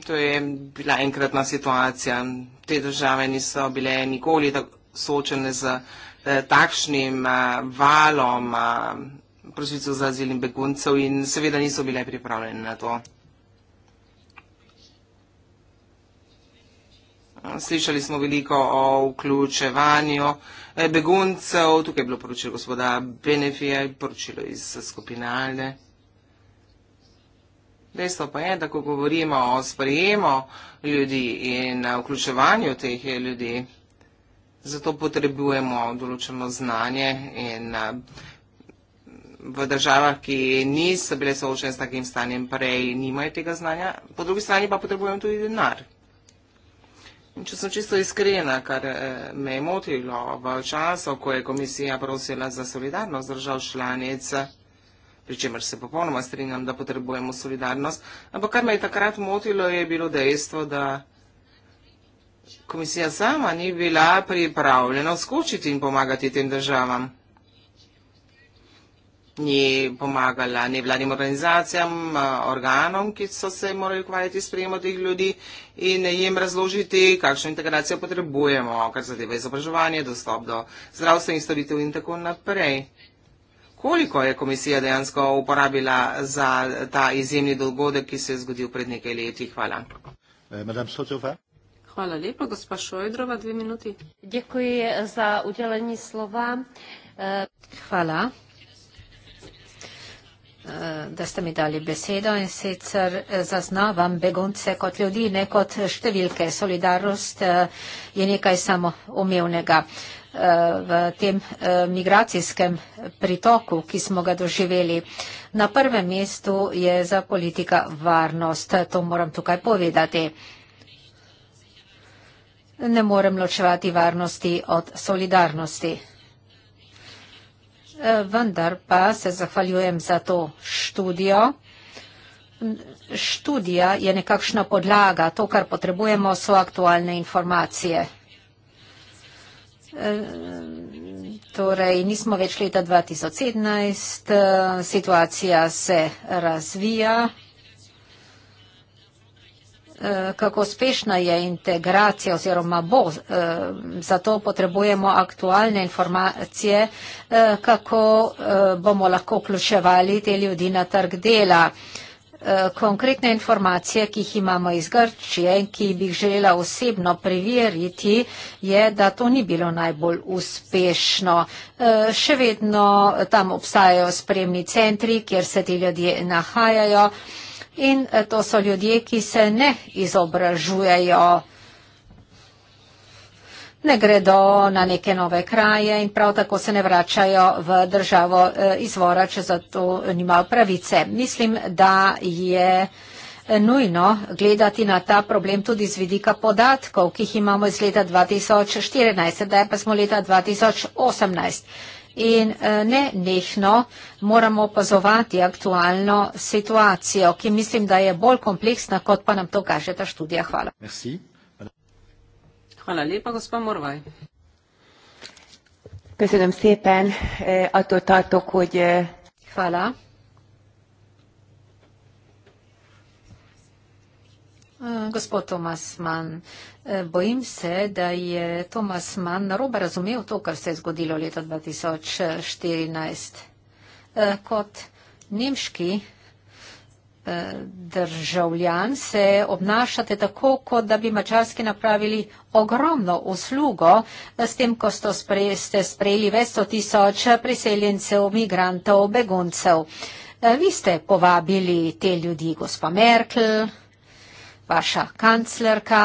To je bila enkratna situacija. Te države niso bile nikoli tako soočene z eh, takšnim eh, valom eh, prosilcev za azil in beguncev in seveda niso bile pripravljene na to. Slišali smo veliko o vključevanju eh, beguncev, tukaj je bilo poročilo gospoda Benefija, poročilo iz eh, skupine Alde. Dejstvo pa je, da ko govorimo o sprejemu ljudi in eh, vključevanju teh ljudi, zato potrebujemo določeno znanje in v državah, ki niso bile soočene s takim stanjem prej, nimajo tega znanja, po drugi strani pa potrebujemo tudi denar. Če sem čisto iskrena, kar eh, me je motilo v času, ko je komisija prosila za solidarnost držav članic, pričemer se popolnoma strinjam, da potrebujemo solidarnost, ampak kar me je takrat motilo, je bilo dejstvo, da komisija sama ni bila pripravljena skočiti in pomagati tem državam ni pomagala nevladnim organizacijam, organom, ki so se morali ukvarjati s prijemom teh ljudi in jim razložiti, kakšno integracijo potrebujemo, kar zadeva izobraževanje, dostop do zdravstvenih storitev in tako naprej. Koliko je komisija dejansko uporabila za ta izjemni dogodek, ki se je zgodil pred nekaj leti? Hvala. Eh, Hvala lepa, gospa Šojdrova, dve minuti. Eh, Hvala. Eh, da ste mi dali besedo in sicer eh, zaznavam begunce kot ljudi, ne kot številke. Solidarnost eh, je nekaj samoumevnega. V tem migracijskem pritoku, ki smo ga doživeli, na prvem mestu je za politika varnost. To moram tukaj povedati. Ne morem ločevati varnosti od solidarnosti. Eh, vendar pa se zahvaljujem za to študijo. Študija je nekakšna podlaga, to, kar potrebujemo, so aktualne informacije. Eh, torej, nismo več leta 2017, eh, situacija se razvija. Eh, kako uspešna je integracija oziroma bo. Eh, zato potrebujemo aktualne informacije, eh, kako bomo lahko vključevali te ljudi na trg dela. Eh, konkretne informacije, ki jih imamo iz Grčije in ki bi jih želela osebno preveriti, je, da to ni bilo najbolj uspešno. Eh, še vedno tam obstajajo spremni centri, kjer se ti ljudje nahajajo in eh, to so ljudje, ki se ne izobražujejo ne gredo na neke nove kraje in prav tako se ne vračajo v državo eh, izvora, če zato nimajo pravice. Mislim, da je eh, nujno gledati na ta problem tudi z vidika podatkov, ki jih imamo iz leta 2014, sedaj pa smo leta 2018. In eh, ne nehno moramo opazovati aktualno situacijo, ki mislim, da je bolj kompleksna, kot pa nam to kaže ta študija. Hvala. Merci. Hvala lepa, gospa Morvaj. Köszönöm szépen, e, attól tartok, hogy... E, Hvala. E, gospod Tomas Mann, bojim se, da je Tomas Mann narobe razumel to, kar se je zgodilo leta 2014. Kot nemški Eh, državljan, se obnašate tako, kot da bi mačarski napravili ogromno uslugo eh, s tem, ko ste sprejeli več sto tisoč priseljencev, migrantov, beguncev. Eh, vi ste povabili te ljudi, gospa Merkel, vaša kanclerka.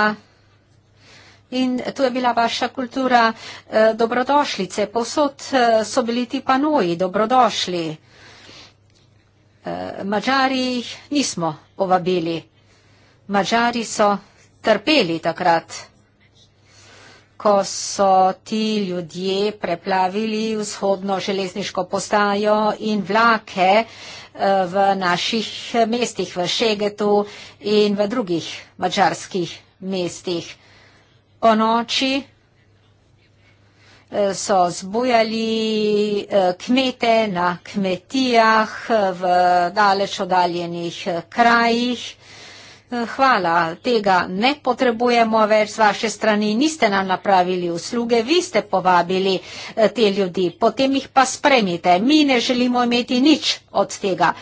In tu je bila vaša kultura eh, dobrodošlice. Posod eh, so bili ti panoji dobrodošli. Eh, Eh, Mačari jih nismo povabili. Mačari so trpeli takrat, ko so ti ljudje preplavili vzhodno železniško postajo in vlake eh, v naših mestih, v Šegetu in v drugih mačarskih mestih. Po noči so zbujali eh, kmete na kmetijah v daleč odaljenih eh, krajih. Eh, hvala, tega ne potrebujemo več z vaše strani, niste nam napravili usluge, vi ste povabili te ljudi, potem jih pa spremite. Mi ne želimo imeti nič od tega.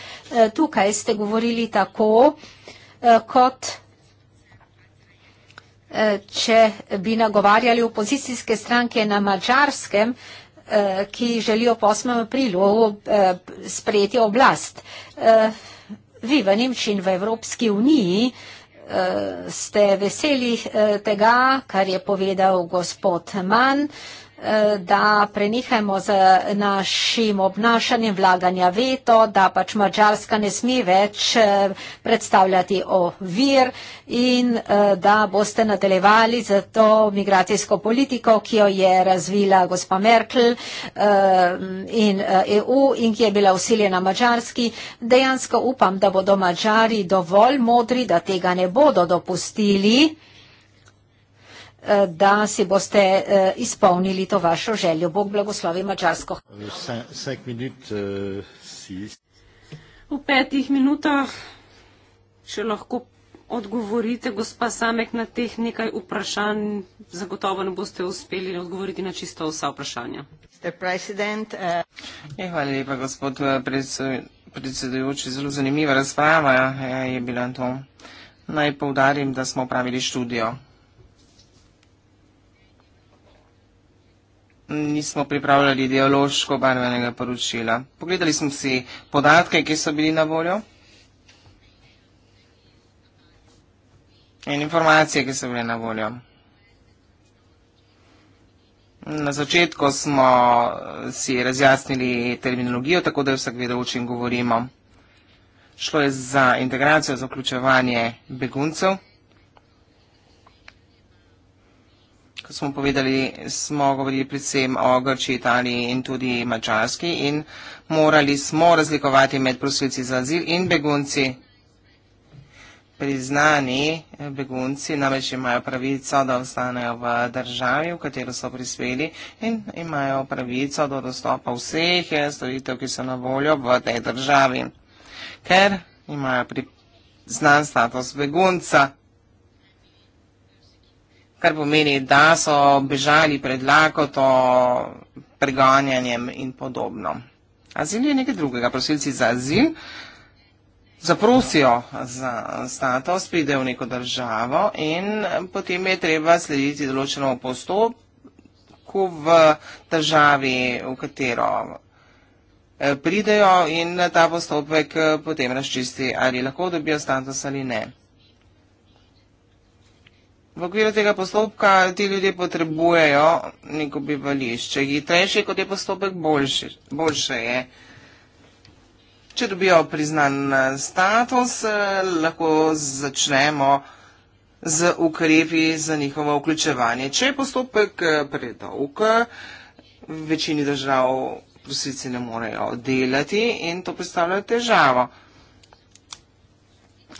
Tukaj ste govorili tako kot če bi nagovarjali opozicijske stranke na mačarskem, eh, ki želijo po 8. aprilu eh, sprejeti oblast. Eh, vi v Nemčiji in v Evropski uniji ste veseli tega, kar je povedal gospod Mann da prenehajmo z našim obnašanjem vlaganja veto, da pač Mačarska ne sme več eh, predstavljati ovir in eh, da boste nadaljevali z to migracijsko politiko, ki jo je razvila gospa Merkel eh, in EU e in ki je bila usiljena Mačarski. Dejansko upam, da bodo Mačari dovolj modri, da tega ne bodo dopustili. Eh, da si boste eh, izpolnili to vašo željo. Bog blagoslovi Mačarsko. Euh, v petih minutah še lahko odgovorite, gospa Samek, na teh nekaj vprašanj. Zagotovo ne boste uspeli odgovoriti na čisto vsa vprašanja. Uh... Hvala lepa, gospod predsedujoči. Zelo zanimiva razprava je bila to. Naj povdarim, da smo upravili študijo nismo pripravljali ideološko barvenega poročila. Pogledali smo si podatke, ki so bili na voljo in informacije, ki so bile na voljo. Na začetku smo eh, si razjasnili terminologijo, tako da je vsak vedel, o čem govorimo. Šlo je za integracijo, za vključevanje beguncev. kot smo povedali, smo govorili predvsem o Grči, Italiji in tudi Mačarski in morali smo razlikovati med prosilci za azil in begunci. Priznani eh, begunci namreč imajo pravico, da ostanejo v državi, v katero so prispeli in imajo pravico do dostopa vseh eh, storitev, ki so na voljo v tej državi, ker imajo priznan status begunca kar pomeni, da so bežali pred lakoto, preganjanjem in podobno. Azil je nekaj drugega. Prosilci za azil zaprosijo za status, pridejo v neko državo in potem je treba slediti določenemu postopku v državi, v katero e, pridejo in ta postopek e, potem razčisti, ali lahko dobijo status ali ne. V okviru tega postopka ti ljudje potrebujejo neko bivališče. Hitrejši kot je postopek, boljši, boljše je. Če dobijo priznan eh, status, eh, lahko začnemo z ukrepi za njihovo vključevanje. Če je postopek eh, predolg, v večini držav prosilci ne morejo delati in to predstavlja težavo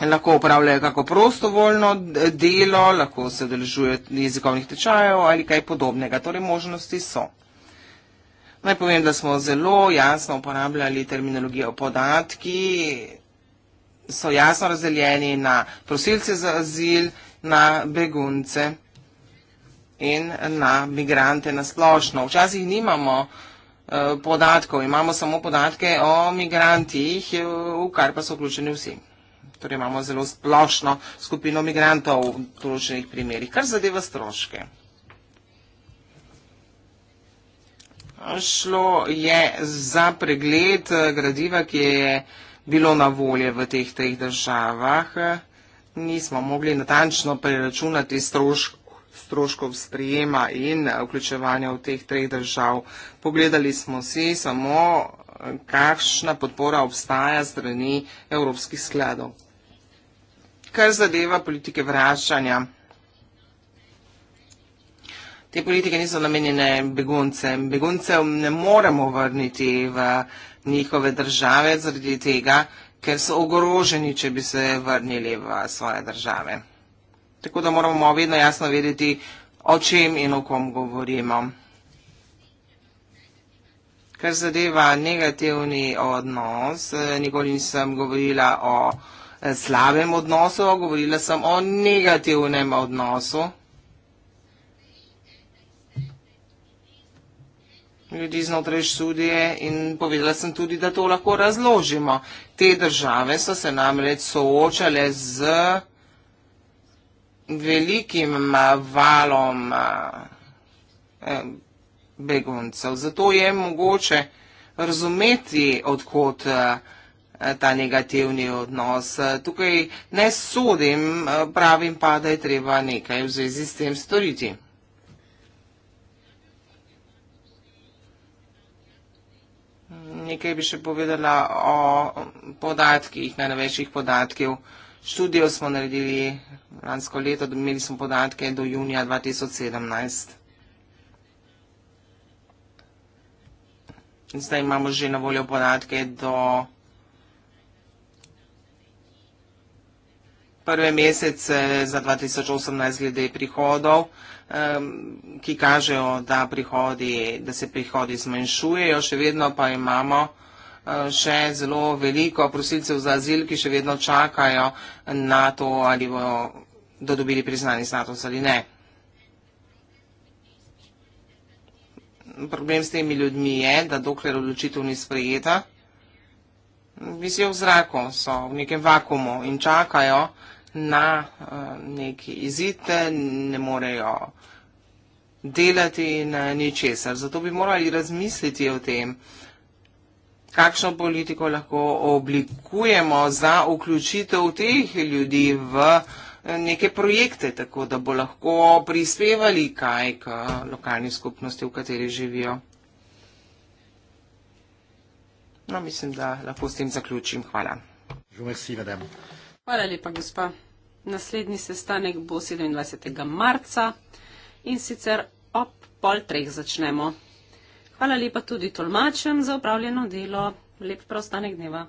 lahko upravljajo kako prostovoljno delo, lahko se odeležujejo jezikovnih tečajev ali kaj podobnega. Torej, možnosti so. Naj povem, da smo zelo jasno uporabljali terminologijo podatki, so jasno razdeljeni na prosilce za azil, na begunce in na migrante na splošno. Včasih nimamo eh, podatkov, imamo samo podatke o migrantih, eh, v kar pa so vključeni vsi torej imamo zelo splošno skupino migrantov v določenih primerjih, kar zadeva stroške. Šlo je za pregled eh, gradiva, ki je bilo na volje v teh teh državah. Nismo mogli natančno preračunati stroškov stroškov sprijema in eh, vključevanja v teh treh držav. Pogledali smo si samo, eh, kakšna podpora obstaja strani evropskih skladov kar zadeva politike vračanja. Te politike niso namenjene beguncem. Beguncev ne moremo vrniti v njihove države zaradi tega, ker so ogroženi, če bi se vrnili v svoje države. Tako da moramo vedno jasno vedeti, o čem in o kom govorimo. Kar zadeva negativni odnos, nikoli nisem govorila o slabem odnosu, govorila sem o negativnem odnosu. ljudi znotraj študije in povedala sem tudi, da to lahko razložimo. Te države so se namreč soočale z velikim valom eh, beguncev. Zato je mogoče razumeti, odkot eh, ta negativni odnos. Tukaj ne sodim, pravim pa, da je treba nekaj v zvezi s tem storiti. Nekaj bi še povedala o podatkih, najnovejših podatkih. Študijo smo naredili lansko leto, imeli smo podatke do junija 2017. Zdaj imamo že na voljo podatke do 2017. prve mesece za 2018 glede prihodov, ki kažejo, da, prihodi, da se prihodi zmanjšujejo, še vedno pa imamo e, še zelo veliko prosilcev za azil, ki še vedno čakajo na to, ali bodo dodobili priznani status ali ne. Problem s temi ljudmi je, da dokler odločitev ni sprejeta, visijo v zraku, so v nekem vakumu in čakajo, na eh, neki izite, ne morejo delati na ničesar. Zato bi morali razmisliti o tem, kakšno politiko lahko oblikujemo za vključitev teh ljudi v eh, neke projekte, tako da bo lahko prispevali kaj k lokalni skupnosti, v kateri živijo. No, mislim, da lahko s tem zaključim. Hvala. Merci, madame. Hvala lepa, gospa. Naslednji sestanek bo 27. marca in sicer ob pol treh začnemo. Hvala lepa tudi tolmačem za upravljeno delo. Lep prostanek dneva.